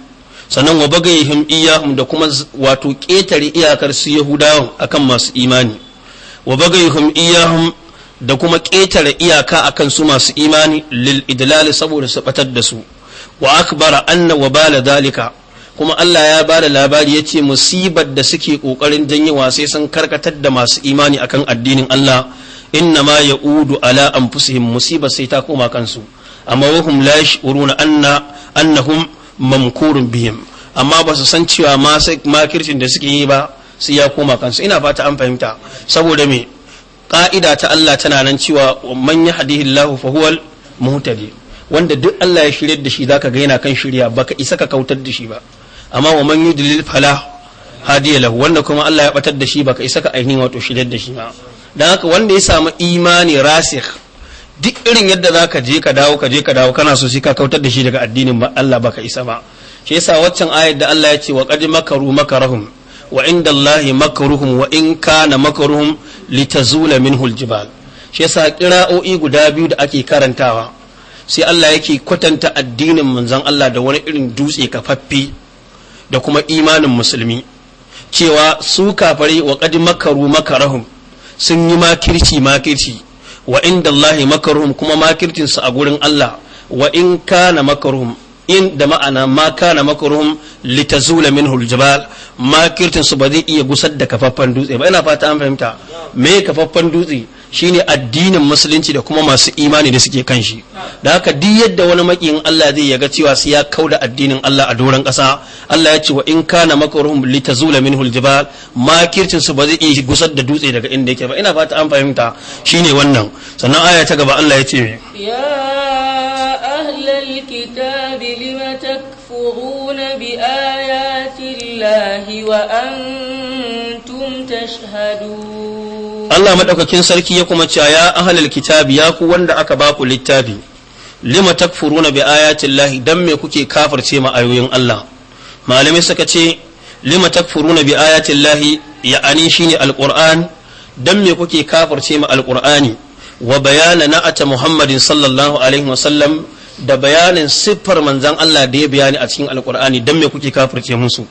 sannan wa bagayhim iyahum da kuma wato ƙetare iyakar su yahudawan akan masu imani wa bagayhim iyahum da kuma ƙetare iyaka akan su masu imani lil idlali saboda su batar da su wa akbara anna wa bala dalika kuma Allah ya bada labari ya ce musibar da suke kokarin janyewa sai sun karkatar da masu imani akan addinin Allah inna ma ya udu ala anfusihim musibar sai ta koma kansu amma wahum la yashuruna anna annahum mamkurun bihim amma ba su san cewa makircin da suke yi ba sai ya koma kansu ina fata an fahimta saboda me ka'ida ta Allah tana nan cewa man yahdihillahu fa fahuwal muhtadi wanda duk Allah ya shirya da shi zaka ga yana kan shirya baka isa ka kautar da shi ba amma wa man yudlil fala hadiya lahu wanda kuma Allah ya batar da shi baka isa ka ainihin wato shirya da shi ba dan haka wanda ya samu imani rasikh duk irin yadda za ka je ka dawo ka je ka dawo kana so sai ka kautar da shi daga addinin ba Allah baka isa ba shi yasa waccan ayar da Allah ya ce wa qad makaru makaruhum wa inda Allah makaruhum wa in kana makaruhum litazula minhu aljibal shi yasa qira'o'i guda biyu da ake karantawa sai Allah yake kwatanta addinin manzon Allah da wani irin dutse kafaffi da kuma imanin musulmi cewa su kafare wa qad makaru makaruhum sun yi makirci makirci wa inda Allahi makaruhum kuma makircin a gurin Allah wa in kana makaruhum in da ma'ana ma kana makaruhum litazula minhu aljibal kirtin su ba zai iya gusar da kafaffan dutse ba ina fata an fahimta me kafaffan dutse shine addinin musulunci da kuma masu imani da suke kan shi da haka duk yadda wani makiyin Allah zai yaga cewa su ya kauda addinin Allah a doron kasa Allah ya ce wa in kana makaruhum litazula minhu aljibal kirtin su ba zai iya gusar da dutse daga inda yake ba ina fata an fahimta shine wannan sannan aya ta gaba Allah ya ce ya الكتاب لم تكفرون بآيات الله وأنتم تشهدون الله مدوكاكين سركي يكما يا أهل الكتاب يا كوان دعك باكو للتابي لما تكفرون بآيات الله دم كوكي كافر تيما أيوين الله ما لم يسكتي لما تكفرون بآيات الله يعني شيني القرآن دم كوكي كافر تيما القرآن وبيان نعت محمد صلى الله عليه وسلم da bayanin siffar manzan Allah da ya bayani a cikin alkur'ani dan me kuke kafirce musu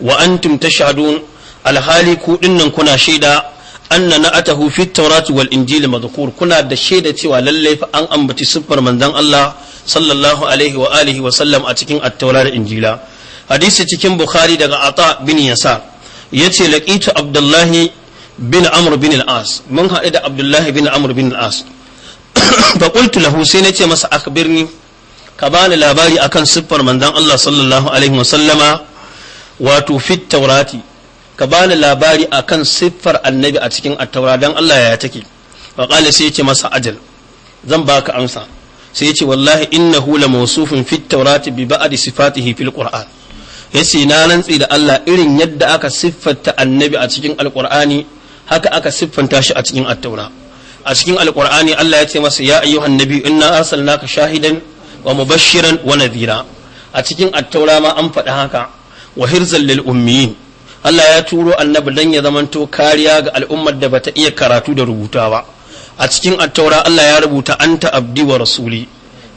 wa antum tashhadun alhali ku dinnan kuna shaida anna na'atahu fi tawrat wal injil madhkur kuna da shaida cewa lalle fa an ambaci siffar manzan Allah sallallahu alaihi wa alihi wa sallam a cikin at da injila hadisi cikin bukhari daga ata bin yasa yace laqitu abdullahi bin amr bin al-as mun haɗu da abdullahi bin amr bin al-as [coughs] fa qultu lahu sai nace masa akhbirni ka bani labari akan siffar manzon Allah sallallahu alaihi wasallama wato fit taurati ka bani labari akan siffar annabi a cikin attaura dan Allah ya take wa qala sai ce masa ajal zan baka amsa sai ce wallahi in na hula fit taurati bi ba'di sifatihi fil qur'an yace na rantsi da Allah irin yadda aka siffata annabi a cikin alqur'ani haka aka siffanta shi a cikin attaura a cikin alqur'ani Allah ya ce masa ya ayyuhan nabi inna arsalnaka shahidan wa mubashiran wa nadhira a cikin attaura ma an faɗi haka wa hirzal lil ummiyin Allah ya turo annabi dan ya zamanto kariya ga al'ummar da bata iya karatu da rubuta ba a cikin attaura Allah ya rubuta anta abdi wa rasuli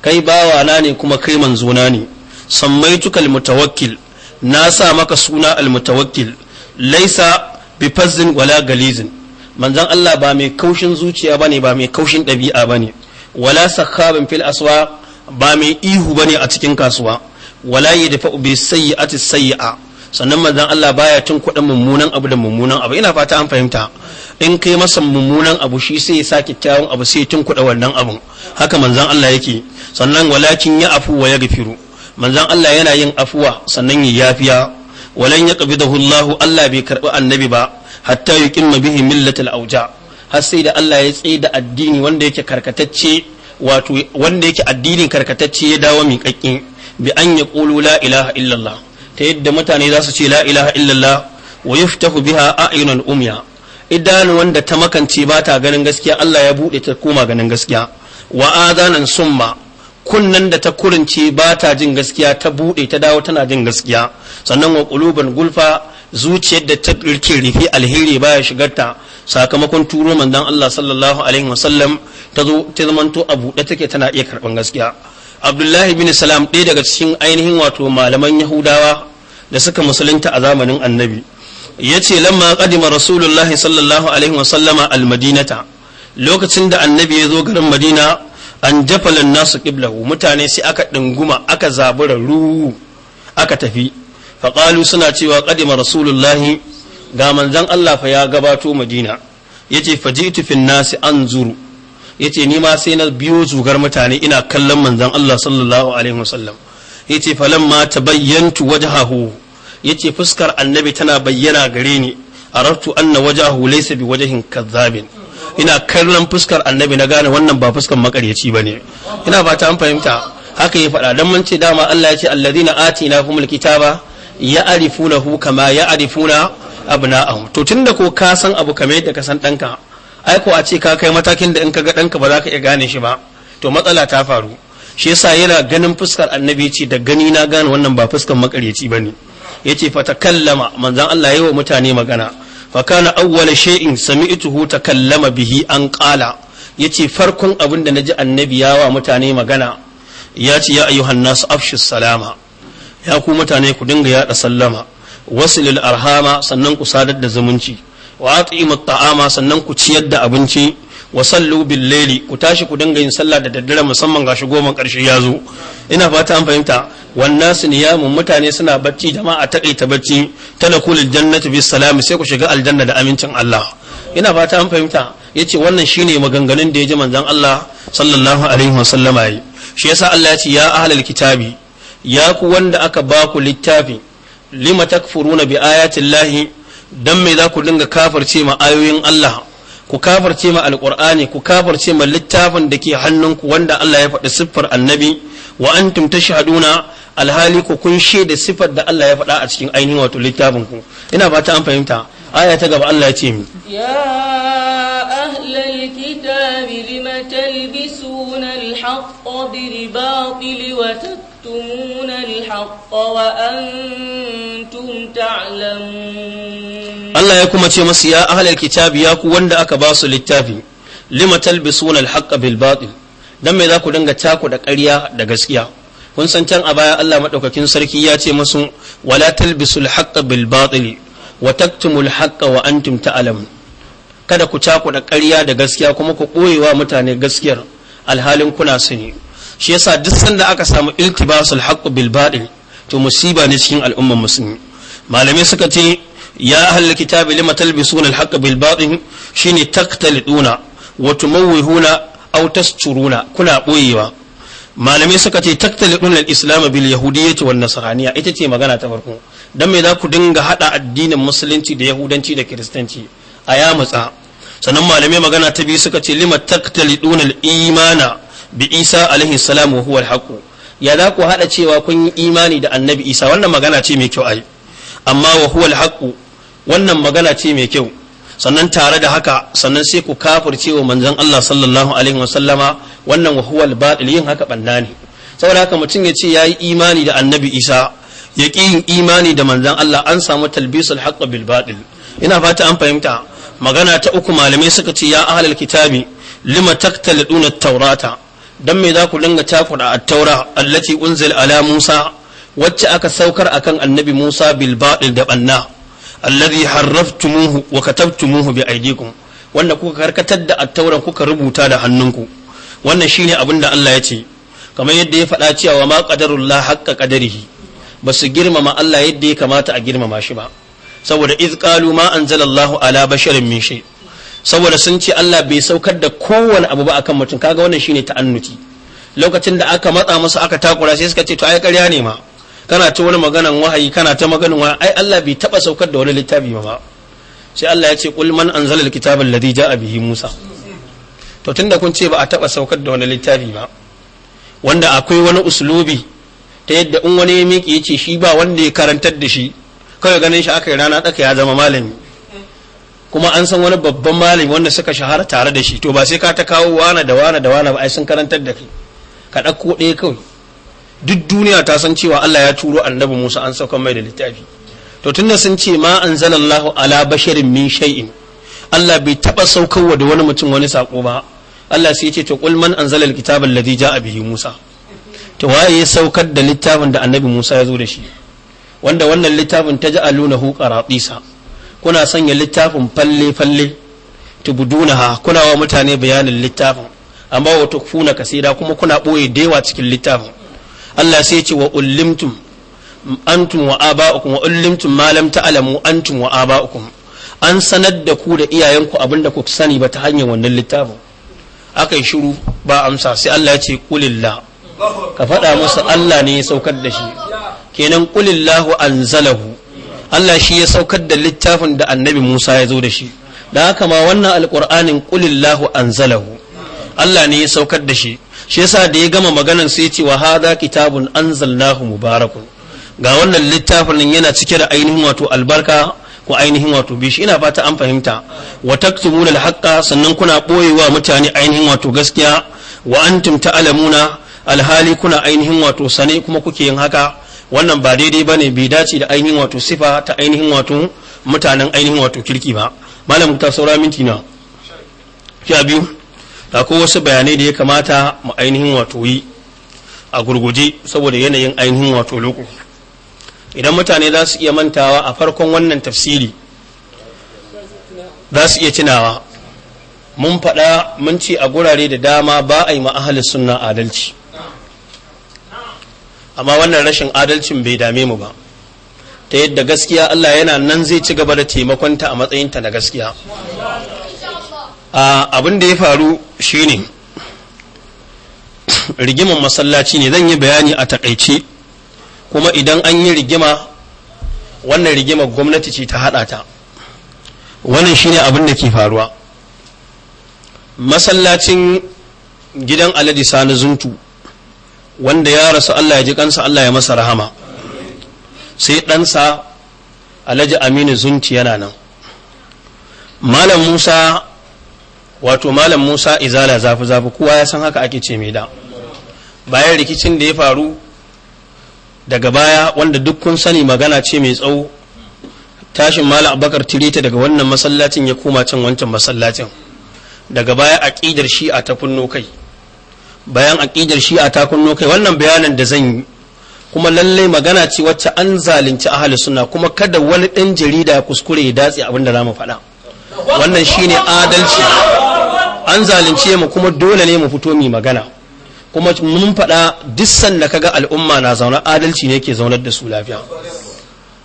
kai na ne kuma kai manzona ne sammaituka mutawakkil na sa maka suna almutawakkil laisa bifazzin wala galizin manzon Allah ba mai kaushin zuciya bane ba mai kaushin ɗabi'a bane wala sakhabin fil aswa ba mai ihu ne a cikin kasuwa wala yadfa bi sayyi'ati sayyi'a sannan manzon Allah baya tun kuɗin mummunan abu da mummunan abu ina fata an fahimta in kai masa mummunan abu shi sai ya sa kyakkyawan abu sai tun kuɗa wannan abu haka manzon Allah yake sannan walakin ya afu wa ya gafiru manzon Allah yana yin afuwa sannan ya yafiya walan ya qabidahu Allah Allah bai karbi annabi ba hatta yuqimma bihi millatal auja har sai da Allah ya tsaye da addini wanda yake karkatacce wato wanda yake addinin karkatacce ya dawo kakkin bi an ya qulu la ilaha illallah ta yadda mutane za su ce la ilaha illallah wa yuftahu biha a'yunul umya idanu wanda ta makance ba ta ganin gaskiya Allah ya bude ta koma ganin gaskiya wa adanan summa kunnan da ta kurince ba ta jin gaskiya ta buɗe ta dawo tana jin gaskiya sannan wa ƙuluban gulfa zuciyar da ta rike rufe alheri ba shigar ta sakamakon turo manzon Allah sallallahu alaihi wasallam ta zo ta zamanto a buɗe take tana iya karɓan gaskiya Abdullahi bin Salam ɗaya daga cikin ainihin wato malaman Yahudawa da suka musulunta a zamanin Annabi yace lamma kadima Rasulullahi sallallahu alaihi wasallama al-Madinata lokacin da Annabi ya zo garin Madina an jafalan nasu qiblahu mutane sai aka ɗinguma aka zabura ru aka tafi faƙalu suna cewa ƙadima rasulullahi ga manzon Allah fa ya gabato madina yace fajitu fin nasi anzuru yace ni ma sai na biyo zugar mutane ina kallon manzon Allah sallallahu alaihi wasallam yace bayyantu tabayyantu wajhahu yace fuskar annabi tana bayyana gare ni rartu anna wajahu laysa biwajhin kadhabin ina kallon fuskar annabi na gane wannan ba fuskar makaryaci ne ina fata an fahimta haka ya faɗa don mance ce dama Allah ya ce na na ati ba ya arifu na hu kama ya abu na ahu to tunda ko ka san abu kama yadda ka san danka ai a ce ka kai matakin da in ka ga danka ba za ka iya gane shi ba to matsala ta faru shi yasa yana ganin fuskar annabi ce da gani na gane wannan ba fuskar makaryaci bane yace fatakallama manzon Allah yi wa mutane magana fa kana awwala shay'in sami'tuhu takallama bihi an qala yace farkon abin da naji annabi ya wa mutane magana ya ce ya ayyuhan nasu afshu salama ya ku mutane ku dinga yada sallama wasilil arhama sannan ku sadar da zumunci wa at'imu ta'ama sannan ku ciyar da abinci wa sallu leli ku tashi ku dinga yin sallah da daddare musamman gashi goma karshe ya zo ina fata an fahimta mutane والناس نيام متاني سنا بتشي جماعة تقي jannati تدخل الجنة sai ku shiga aljanna da amincin allah ina fata an fahimta ya ce wannan shine maganganun da ya ji manzon Allah sallallahu alaihi wasallama yi shi yasa Allah ya ce ya ahlal kitabi ya ku wanda aka ba ku littafi lima takfuruna bi ayatin lahi dan me za ku dinga kafarce ma ayoyin Allah ku kafarce ma alqur'ani ku kafarce ma littafin da ke hannunku wanda Allah ya faɗi siffar annabi wa antum tashhaduna alhali ku kun shaida sifar da Allah ya faɗa a cikin ainihin wato littafin ku ina ba ta an fahimta aya ta gaba Allah ya ce mi ya ahlal kitabi lima talbisuna alhaq bil batil wa taktumuna alhaq wa antum ta'lamun Allah ya kuma ce masu ya ahlal kitab ya ku wanda aka ba su littafi lima talbisuna alhaq bil batil dan me za ku dinga taku da ƙarya da gaskiya kun san can a baya Allah maɗaukakin sarki ya ce musu wala talbisul haqqa bil batil wa taktumul haqqa wa antum kada ku cakuɗa ƙarya da gaskiya kuma ku ɓoyewa mutane gaskiyar alhalin kuna sani shi yasa duk sanda aka samu iltibasul haqqu bil batil to musiba ne cikin al'ummar musulmi malamai suka ce ya ahlul kitabi lima talbisuna al haqqa bil batil shine taqtaliduna wa tumawwihuna aw tasturuna kuna ɓoyewa malamai suka ce taktalin islam bil yahudiyyati wan nasraniya ita ce magana ta farko dan me za ku dinga hada addinin musulunci da yahudanci da kiristanci a ya matsa sannan malamai magana ta biyu suka ce lima taktalidun al-imana bi isa alaihi salam wa huwa al ya za ku hada cewa kun yi imani da annabi isa wannan magana ce mai kyau ai amma wa huwa al wannan magana ce mai kyau sannan tare da haka sannan sai ku kafirce wa manzon Allah sallallahu alaihi wasallama wannan wa huwal batil yin haka banda ne saboda haka mutum ya ce yayi imani da annabi Isa ya ƙi yin imani da manzon Allah an samu talbisul haqq bil batil ina fata an fahimta magana ta uku malamai suka ce ya ahlul kitabi lima taktaliduna taurata dan me za ku dinga takura at-taura allati unzil ala Musa wacce aka saukar akan annabi Musa bil batil da banna alladhi harraftumuhu wa katabtumuhu bi aydikum wanda kuka karkatar da attauran kuka rubuta da hannunku wannan shine abin da Allah ya ce kamar yadda ya faɗa cewa ma qadarullah haqqa qadarihi ba su girmama Allah yadda ya kamata a girmama shi ba saboda iz qalu ma anzalallahu ala basharin min shay saboda sun ce Allah bai saukar da kowane abu ba akan mutum kaga wannan shine ta'annuti lokacin da aka matsa musu aka takura sai suka ce to ai ƙarya ne ma kana ta wani maganan wahayi kana ta maganan wahayi ai Allah bai taba saukar da wani littafi ba sai Allah ya ce qul man anzala alkitaba alladhi ja'a bihi Musa to tunda kun ce ba a taba saukar da wani littafi ba wanda akwai wani uslubi ta yadda in wani ya miƙe ya ce shi ba wanda ya karantar da shi kawai ganin shi aka yi rana daka ya zama malami kuma an san wani babban malami wanda suka shahara tare da shi to ba sai ka ta kawo wana da wana da wana ba ai sun karantar da kai ka ɗauko ɗaya kawai duk duniya ta san cewa Allah ya turo annabi Musa an sauka mai da littafi to tunda sun ce ma anzalallahu ala basharin min shay'in Allah bai taba saukarwa da wani mutum wani sako ba Allah sai ya ce to qul man anzala alkitaba alladhi ja'a bihi Musa to waye ya saukar da littafin da annabi Musa ya zo da shi wanda wannan littafin ta alunahu qaratisa kuna sanya littafin falle falle tubudunaha kuna wa mutane bayanin littafin amma wa tukfuna kasira kuma kuna boye dewa cikin littafin Allah sai ce wa ullimtum antum wa aba'ukum wa ullimtum ma lam ta'lamu antum wa aba'ukum an sanar da ku da iyayenku da ku sani ba ta hanyar wannan littafin aka yi shiru ba amsa sai Allah ya ce kulillah ka faɗa musu Allah ne ya saukar da shi kenan kulillahu anzalahu Allah shi ya saukar da littafin da annabi Musa ya zo da shi da haka ma wannan alƙur'anin kulillahu anzalahu Allah ne ya saukar da shi shi yasa da ya gama maganar sai ya ce wa hadha kitabun anzalnahu mubarakun ga wannan littafin yana cike da ainihin wato albarka ko ainihin wato bishi ina fata an fahimta wa taktumuna alhaqa sannan kuna boyewa mutane ainihin wato gaskiya wa antum ta'lamuna alhali kuna ainihin wato sane kuma kuke yin haka wannan ba daidai bane bai dace da ainihin wato sifa ta ainihin wato mutanen ainihin wato kirki ba malam ta saura minti na sha biyu da ko wasu bayanai da ya kamata mu ainihin wato yi a gurguje saboda yanayin ainihin wato loko idan mutane za su iya mantawa a farkon wannan tafsiri za su iya cinawa mun faɗa mun ce a gurare da dama ba a yi ahalin sunna adalci amma wannan rashin adalcin bai dame mu ba ta yadda gaskiya Allah yana nan zai ci gaba da taimakonta a matsayinta na gaskiya abin da ya faru shi ne rigiman masallaci ne zan yi bayani a takaice kuma idan an yi rigima wannan rigimar gwamnati ce ta haɗa ta wannan shi ne abin da ke faruwa masallacin gidan alhaji sani zuntu wanda ya rasu Allah ya ji kansa Allah ya masa rahama sai ɗansa alhaji aminu zunti yana nan malam musa wato malam musa izala zafi zafi kowa ya san haka ake ce mai da bayan rikicin da ya faru daga baya wanda duk kun sani magana ce mai tsawo tashin malam abakar tirita daga wannan masallacin ya koma can wancan masallacin daga baya aƙidar shi'a ta kunno kai bayan aƙidar shi'a ta kunno kai wannan bayanan da zan yi kuma lallai magana ce wacce an zalunci ahli suna kuma kada wani ɗan jarida kuskure ya datse abin da za mu faɗa wannan shine adalci an zalunce mu kuma dole ne mu fito mu magana kuma mun faɗa dissan da kaga al'umma na zaune adalci ne ke zaunar da su lafiya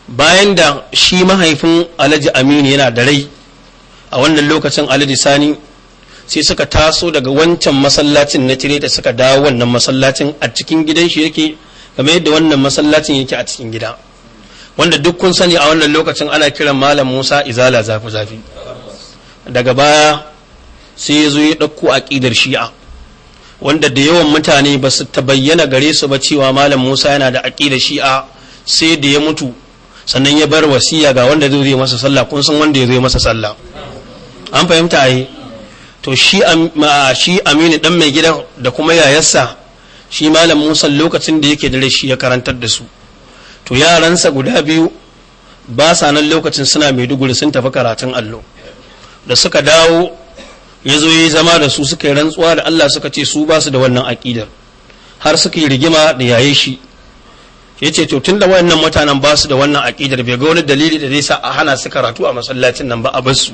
bayan da shi mahaifin alhaji aminu yana da rai a wannan lokacin alhaji sani sai suka taso daga wancan masallacin na tire da suka dawo wannan masallacin a cikin gidan shi yake kamar yadda wannan masallacin yake a cikin gida wanda duk kun sani a wannan lokacin ana kiran malam musa izala zafi zafi daga baya sai ya zo ya ɗauko aƙidar shi'a wanda da yawan mutane ba su tabayyana gare su ba cewa malam musa yana da aƙidar shi'a sai da ya mutu sannan ya bar wasiya ga wanda zai zai masa sallah kun san wanda ya zai masa sallah an fahimta a to shi aminu ɗan mai gidan da kuma yayarsa shi malam musa lokacin da yake dare shi ya karantar da su to yaransa guda biyu ba sa nan lokacin suna maiduguri sun tafi karatun allo da suka dawo ya zo ya zama da su suka yi rantsuwa da Allah suka ce su basu su da wannan aƙidar har suka yi rigima da yaye shi ya ce to tun da wayannan mutanen ba su da wannan aƙidar bai ga wani dalili da zai sa a hana su karatu a masallacin nan ba a bar su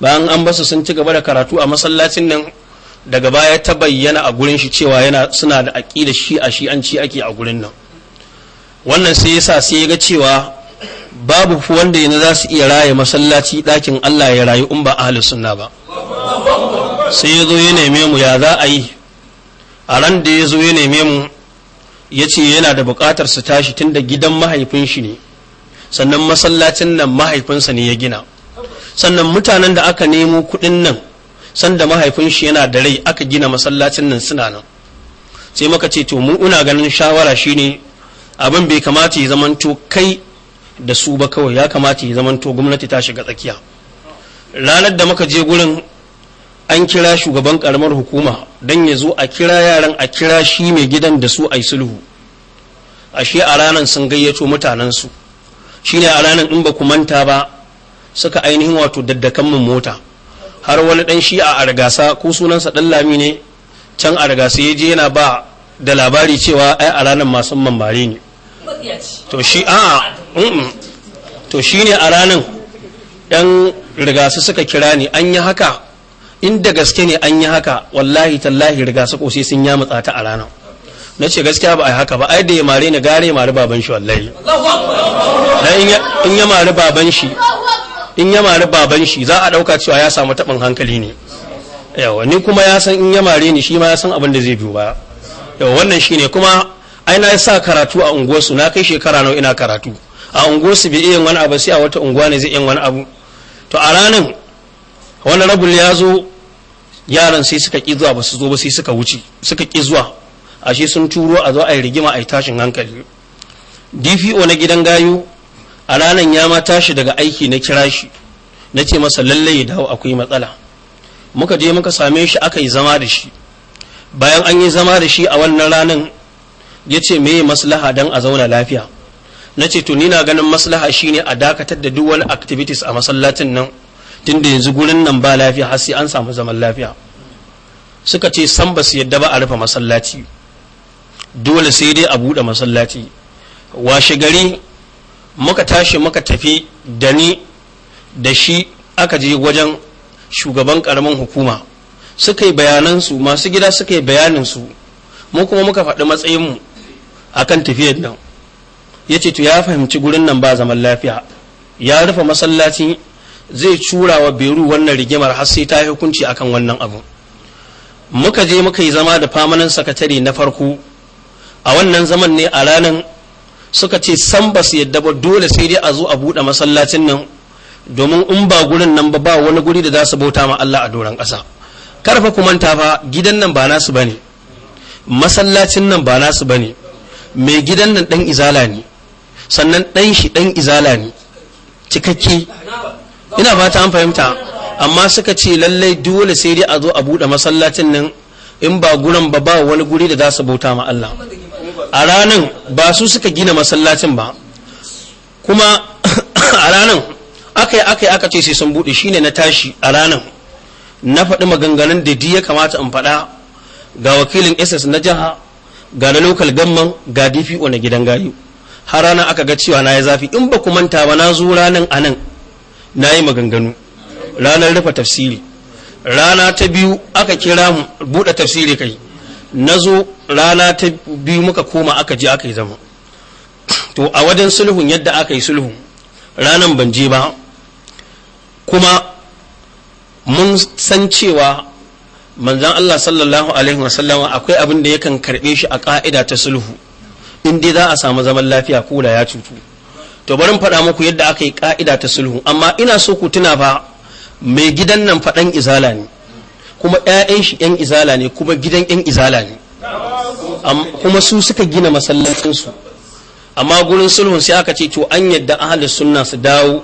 bayan an basu sun ci gaba da karatu a masallacin nan daga baya ta bayyana a gurin shi cewa yana suna da aƙidar shi a shi an ci ake a gurin nan wannan sai ya sa sai ya ga cewa babu wanda yana za su iya raya masallaci ɗakin Allah ya rayu in ba ahli sunna ba sai ya zo ya neme mu ya za a yi a ran da ya zo ya neme mu ya ce yana da buƙatar su tashi tun da gidan mahaifin shi ne sannan masallacin nan mahaifinsa ne ya gina sannan mutanen da aka nemo kuɗin nan sanda mahaifin shi yana da rai aka gina masallacin nan suna nan sai muka ce to mu ina ganin shawara shine abin bai kamata ya zamanto kai da su ba kawai ya kamata ya zamanto gwamnati ta shiga tsakiya ranar da muka je gurin an kira shugaban karamar hukuma don ya zo a kira yaran a kira shi mai gidan da su a yi sulhu ashe a ranar sun gayyato mutanensu shine a ranar in ba ku manta ba suka ainihin wato daddakan mun mota har wani dan shi a argasa ko sunansa dan lami ne can argasa ya je yana ba da labari cewa ai a ranar masu mambare ne to shi a to shi ne a ranar ɗan rigasu suka kira ni an yi haka inda gaske ne an yi haka wallahi tallahi rigasu ko sai sun ya matsa ta a ranar na ce gaskiya ba a yi haka ba ai da ya mare ni gare ya baban shi wallahi in ya mari baban shi in ya mare baban shi za a ɗauka cewa ya samu taɓin hankali ne yawa ni kuma ya san in ya mare ni shi ma ya san abin da zai biyu ba yawa wannan ne kuma ai na sa karatu a unguwarsu na kai shekara nawa ina karatu a unguwarsu bai iya wani abu sai a wata unguwa ne zai iya wani abu to a ranar wani rabul ya zo yaran sai suka ƙi zuwa ba su zo ba sai suka wuce suka ƙi zuwa a shi sun turo a zo a yi rigima a yi tashin hankali dpo na gidan gayu a ranar ya ma tashi daga aiki na kira shi na ce masa lallai ya dawo akwai matsala muka je muka same shi aka yi zama da shi bayan an yi zama da shi a wannan ranar ya ce me maslaha don a zauna lafiya na ce to ni na ganin maslaha shine a dakatar da duk wani activities a masallacin nan da yanzu gurin nan ba lafiya har sai an samu zaman lafiya suka ce san ba su yadda ba a rufe masallaci dole sai dai a buɗe masallaci washe gari muka tashi muka tafi da ni da shi aka je wajen shugaban karamin hukuma suka yi bayanansu masu gida suka yi bayaninsu mu kuma muka faɗi matsayinmu akan tafiyar nan ya ce to ya fahimci gurin nan ba zaman lafiya ya rufe masallaci zai cura wa beru wannan rigimar har sai ta yi hukunci akan wannan abu muka je muka yi zama da famanan sakatare na farko a wannan zaman ne a ranar suka ce san ba su yadda ba dole sai dai a zo a buɗe masallacin nan domin in ba gurin nan ba ba wani guri da za su bauta ma Allah a doron ƙasa karfa manta fa gidan nan ba nasu bane masallacin nan ba nasu bane mai gidan nan ɗan izala ne sannan ɗan shi ɗan izala ne cikakke ina ba ta an fahimta amma suka ce lallai dole sai dai a zo a buɗe masallacin nan in ba guran ba ba wani guri da za su bauta ma Allah a ranan ba su suka gina masallacin ba kuma [coughs] a ranan aka yi aka yi aka ce sai sun buɗe shine na tashi a ranan na faɗi maganganun da ya kamata in faɗa ga wakilin ss na jiha ga na lokal gamman ga DPO na gidan gayu har rana aka ga cewa na yi zafi in ba ku manta ba na zo ranan anan na yi maganganu ranar rufe tafsiri rana ta biyu aka kira mu buɗe tafsiri kai na zo rana ta biyu muka koma aka je aka yi zama to a wajen sulhun yadda aka yi sulhun ranan ban je ba kuma mun san cewa manzan Allah sallallahu alaihi wasallama akwai abin da yakan karɓe shi a ƙa'ida ta sulhu in dai za a samu zaman lafiya ko da ya cutu to barin faɗa muku yadda aka yi ƙa'ida ta sulhu amma ina so ku tuna ba mai gidan nan faɗan izala ne kuma 'ya'yan shi 'yan izala ne kuma gidan 'yan izala ne kuma su suka gina masallacinsu amma gurin sulhun sai aka ce to an yadda ahalus sunna su dawo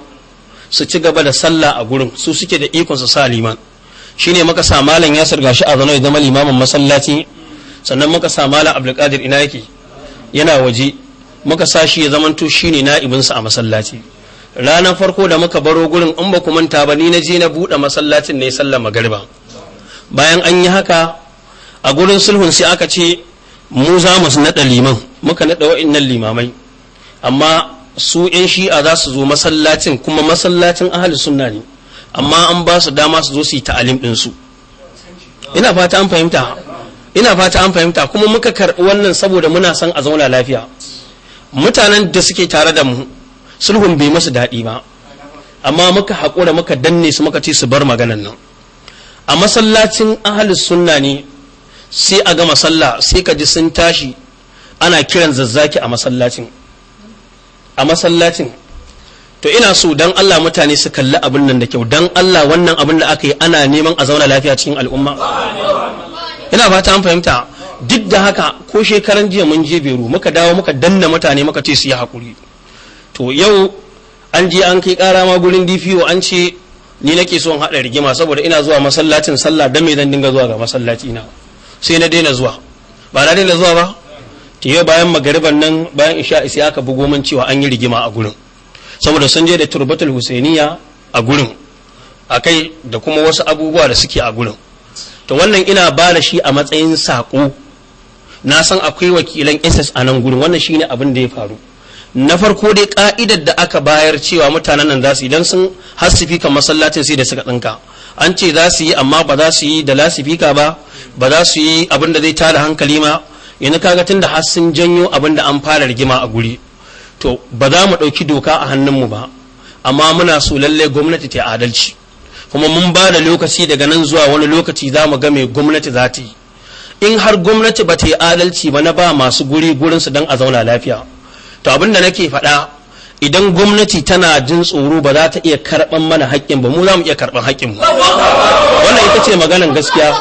su ci gaba da sallah a gurin su suke da ikon su sa liman shine muka sa malam Yasir gashi a zano zama limamin masallaci sannan muka sa malam Abdulkadir ina yake yana waje muka sa shi ya zamanto shine na'ibinsa a masallaci ranar farko da muka baro gurin in ba ku manta ba ni na je na buɗe masallacin ne sallar magariba bayan an yi haka a gurin sulhun sai aka ce mu za mu naɗa liman muka naɗa wa'annan limamai amma su 'yan shi'a za su zo masallacin kuma masallacin ahli sunna ne amma an ba su dama su zo su yi ta'alim din su ina fata an fahimta ina fata an fahimta kuma muka karɓi wannan saboda muna son a zauna lafiya mutanen da suke tare da mu sulhun bai masu daɗi ba amma muka haƙura muka danne su muka ce su bar maganan nan a masallacin ahalus sunna ne sai a ga masalla sai ka ji sun tashi ana kiran zazzaki a masallacin a masallacin to ina so dan Allah mutane su kalli abin nan da kyau dan Allah wannan abin da aka yi ana neman a zauna lafiya cikin al'umma ina fata an fahimta duk da haka ko shekaran jiya mun je Beru muka dawo muka danna mutane muka ce su yi hakuri to yau an je an kai kara ma gurin DPO an ce ni nake so in haɗa rigima saboda ina zuwa masallacin sallah dan me zan dinga zuwa ga masallaci na sai na daina zuwa ba na daina zuwa ba to yau bayan magariban nan bayan isha sai aka bugo min cewa an yi rigima a gurin saboda sun je da turbatul husainiya a gurin a kai da kuma wasu abubuwa da suke a gurin to wannan ina ba da shi a matsayin saƙo na san akwai wakilan ss a nan gurin wannan shine abin da ya faru na farko dai ka'idar da aka bayar cewa mutanen nan za su idan sun hasifika masallacin sai da suka tsinka an ce za su yi amma ba za su yi da lasifika ba ba za su yi abin da zai tada hankali ma yanzu kaga tun da har sun janyo abin da an fara rigima a guri to ba za mu ɗauki doka a hannunmu ba amma muna so lalle gwamnati ta adalci kuma mun ba da lokaci daga nan zuwa wani lokaci za mu ga mai gwamnati za ta yi in har gwamnati ba ta yi adalci ba na ba masu guri gurinsu don a zauna lafiya to abin da nake faɗa idan gwamnati tana jin tsoro ba za ta iya karɓan mana haƙƙin ba mu za mu iya karɓan haƙƙin mu wannan ita ce maganan gaskiya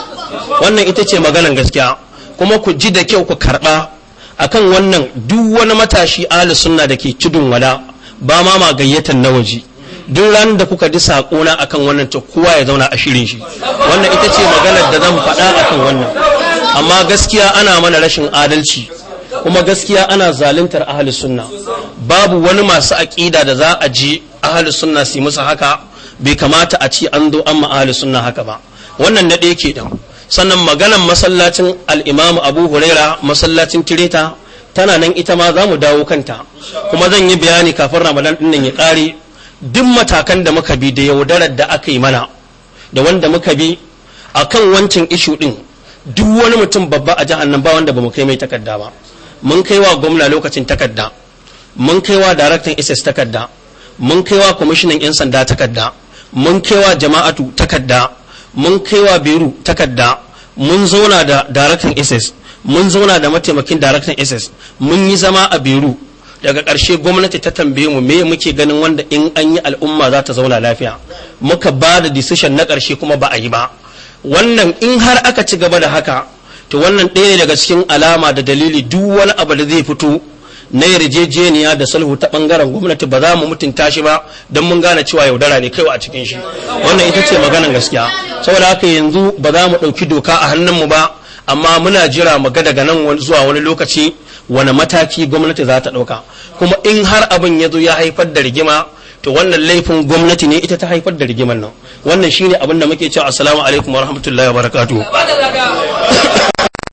wannan ita ce maganan gaskiya kuma ku ji da kyau ku karɓa akan wannan duk wani matashi ahli sunna da ke cidin wala ba ma ma gayyatan na waje duk ran da kuka ji saƙona akan wannan to kowa ya zauna a shirin shi wannan ita ce maganar da zan faɗa akan wannan amma gaskiya ana mana rashin adalci kuma gaskiya ana zaluntar ahli sunna babu wani masu aƙida da za a ji ahli sunna su musu haka bai kamata a ci an zo an ma ahli sunna haka ba wannan na ɗaya ke dan sannan maganan masallacin al'imamu abu huraira masallacin tireta tana nan ita ma za mu dawo kanta kuma zan yi bayani kafin ramadan ɗin ya ƙare duk matakan da muka bi da yaudarar da aka yi mana da wanda muka bi a kan wancan ishu ɗin duk wani mutum babba a jihar nan ba wanda ba mu kai mai takarda ba mun kai wa gwamna lokacin takarda mun kai wa daraktan ss takarda mun kai wa kwamishinan 'yan sanda takarda mun kai wa jama'atu takarda mun kai wa beru takarda mun zauna da daraktan ss mun zauna da mataimakin daraktan ss mun yi zama a beru daga ƙarshe gwamnati ta tambaye mu me muke ganin wanda in an yi al'umma za ta zauna lafiya muka ba da decision na karshe kuma ba a yi ba wannan in har aka ci gaba da haka to wannan ɗaya daga cikin alama da dalili duk wani abu da zai fito na yarjejeniya da sulhu ta bangaren gwamnati ba za mu mutunta shi ba don mun gane cewa yaudara ne kaiwa a cikin shi wannan ita ce maganan gaskiya saboda haka yanzu ba za mu ɗauki doka a mu ba amma muna jira mu ga daga nan zuwa wani lokaci wani mataki gwamnati za ta ɗauka kuma in har abin ya zo ya haifar da rigima to wannan laifin gwamnati ne ita ta haifar da rigiman nan wannan shine abin da muke cewa assalamu alaikum wa rahmatullahi wa